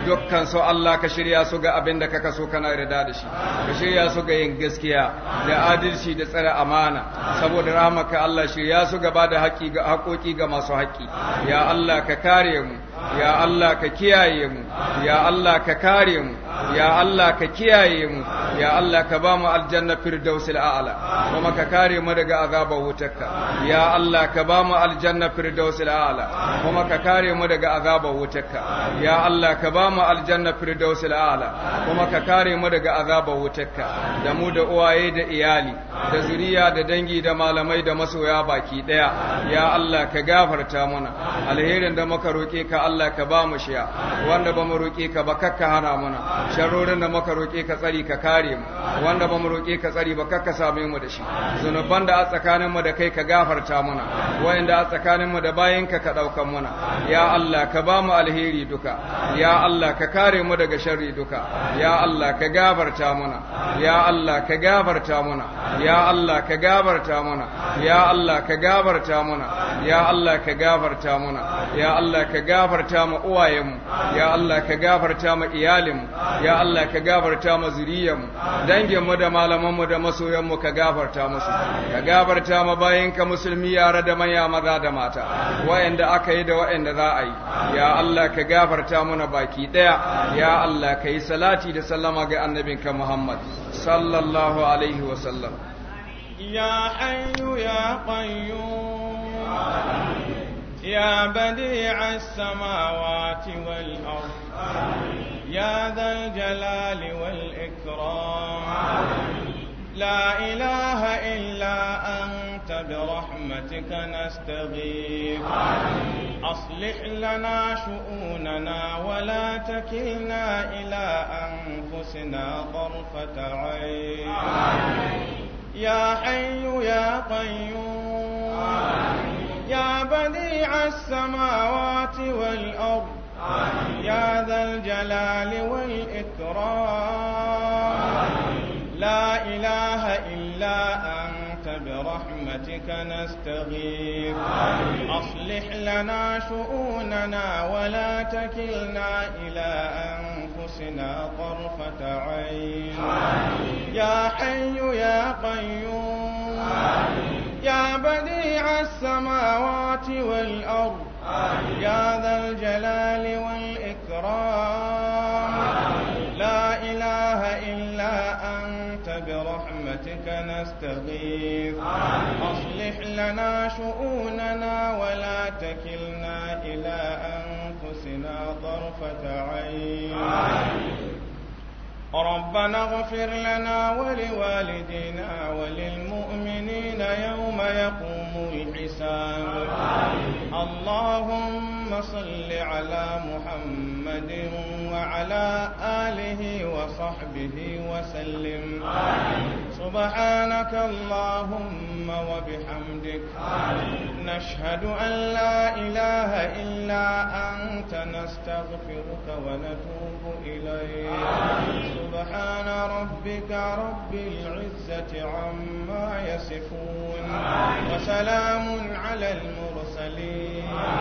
dukkan su Allah ka shirya su ga abin da kaka so kana yarda da shi ka shirya su ga yin gaskiya da adalci da tsare amana saboda rahmaka Allah shirya su gaba da haƙi ga haƙoƙi ga masu haƙi ya Allah ka kare mu ya Allah ka kiyaye mu ya Allah ka kare mu ya Allah ka kiyaye mu ya Allah ka ba mu aljanna firdausil a'la kuma ka kare mu daga azabar wutarka ya Allah ka ba mu aljanna firdausil a'la kuma ka kare mu daga azabar wutarka ya Allah ka ba mu aljanna firdausil a'la kuma ka kare mu daga azabar wutarka da mu da uwaye da iyali da zuriya da dangi da malamai da masoya baki daya ya Allah ka gafarta mana alherin da muka roke ka Allah ka ba mu shiya wanda ba mu roƙe ka ba kakka hana mana sharorin da muka roƙe ka tsari ka kare mu wanda ba mu roƙe ka tsari ba kakka same mu da shi zunuban da a tsakanin mu da kai ka gafarta mana wayanda a tsakanin mu da bayan ka ka daukan mana ya Allah ka ba mu alheri duka ya Allah ka kare mu daga sharri duka ya Allah ka gafarta mana ya Allah ka gafarta mana ya Allah ka gafarta mana ya Allah ka gafarta mana ya Allah ka gafarta mana ya Allah ka gafarta gafarta ma uwayenmu ya Allah ka gafarta ma iyalinmu ya Allah ka gafarta ma zuriyarmu danginmu da malamanmu da masoyanmu ka gafarta musu ka gafarta ma bayanka musulmi yara da manya maza da mata wa'anda aka yi da wa'anda za a yi ya Allah ka gafarta mana baki daya ya Allah ka yi salati da sallama ga annabinka Muhammad sallallahu alaihi wa sallam ya hayyu ya qayyum يا بديع السماوات والأرض يا ذا الجلال والإكرام لا إله إلا أنت برحمتك نستغيث أصلح لنا شؤوننا ولا تكلنا إلى أنفسنا طرفة عين يا حي يا قيوم آمين. يا بديع السماوات والأرض يا ذا الجلال والإكرام لا إله إلا أنت برحمتك نستغيث أصلح لنا شؤوننا ولا تكلنا إلى أنفسنا طرفة عين يا حي يا قيوم يا بديع السماوات والأرض يا ذا الجلال والإكرام لا إله إلا أنت برحمتك نستغيث أصلح لنا شؤوننا ولا تكلنا إلى أنفسنا طرفة عين آمين. ربنا اغفر لنا ولوالدينا وللمؤمنين يوم يقوم الحساب اللهم صل على محمد وعلى آله وصحبه وسلم سبحانك اللهم وبحمدك نشهد أن لا إله إلا أنت نستغفرك ونتوب إليك سبحان ربك رب العزة عما يصفون وسلام وسلام على المرسلين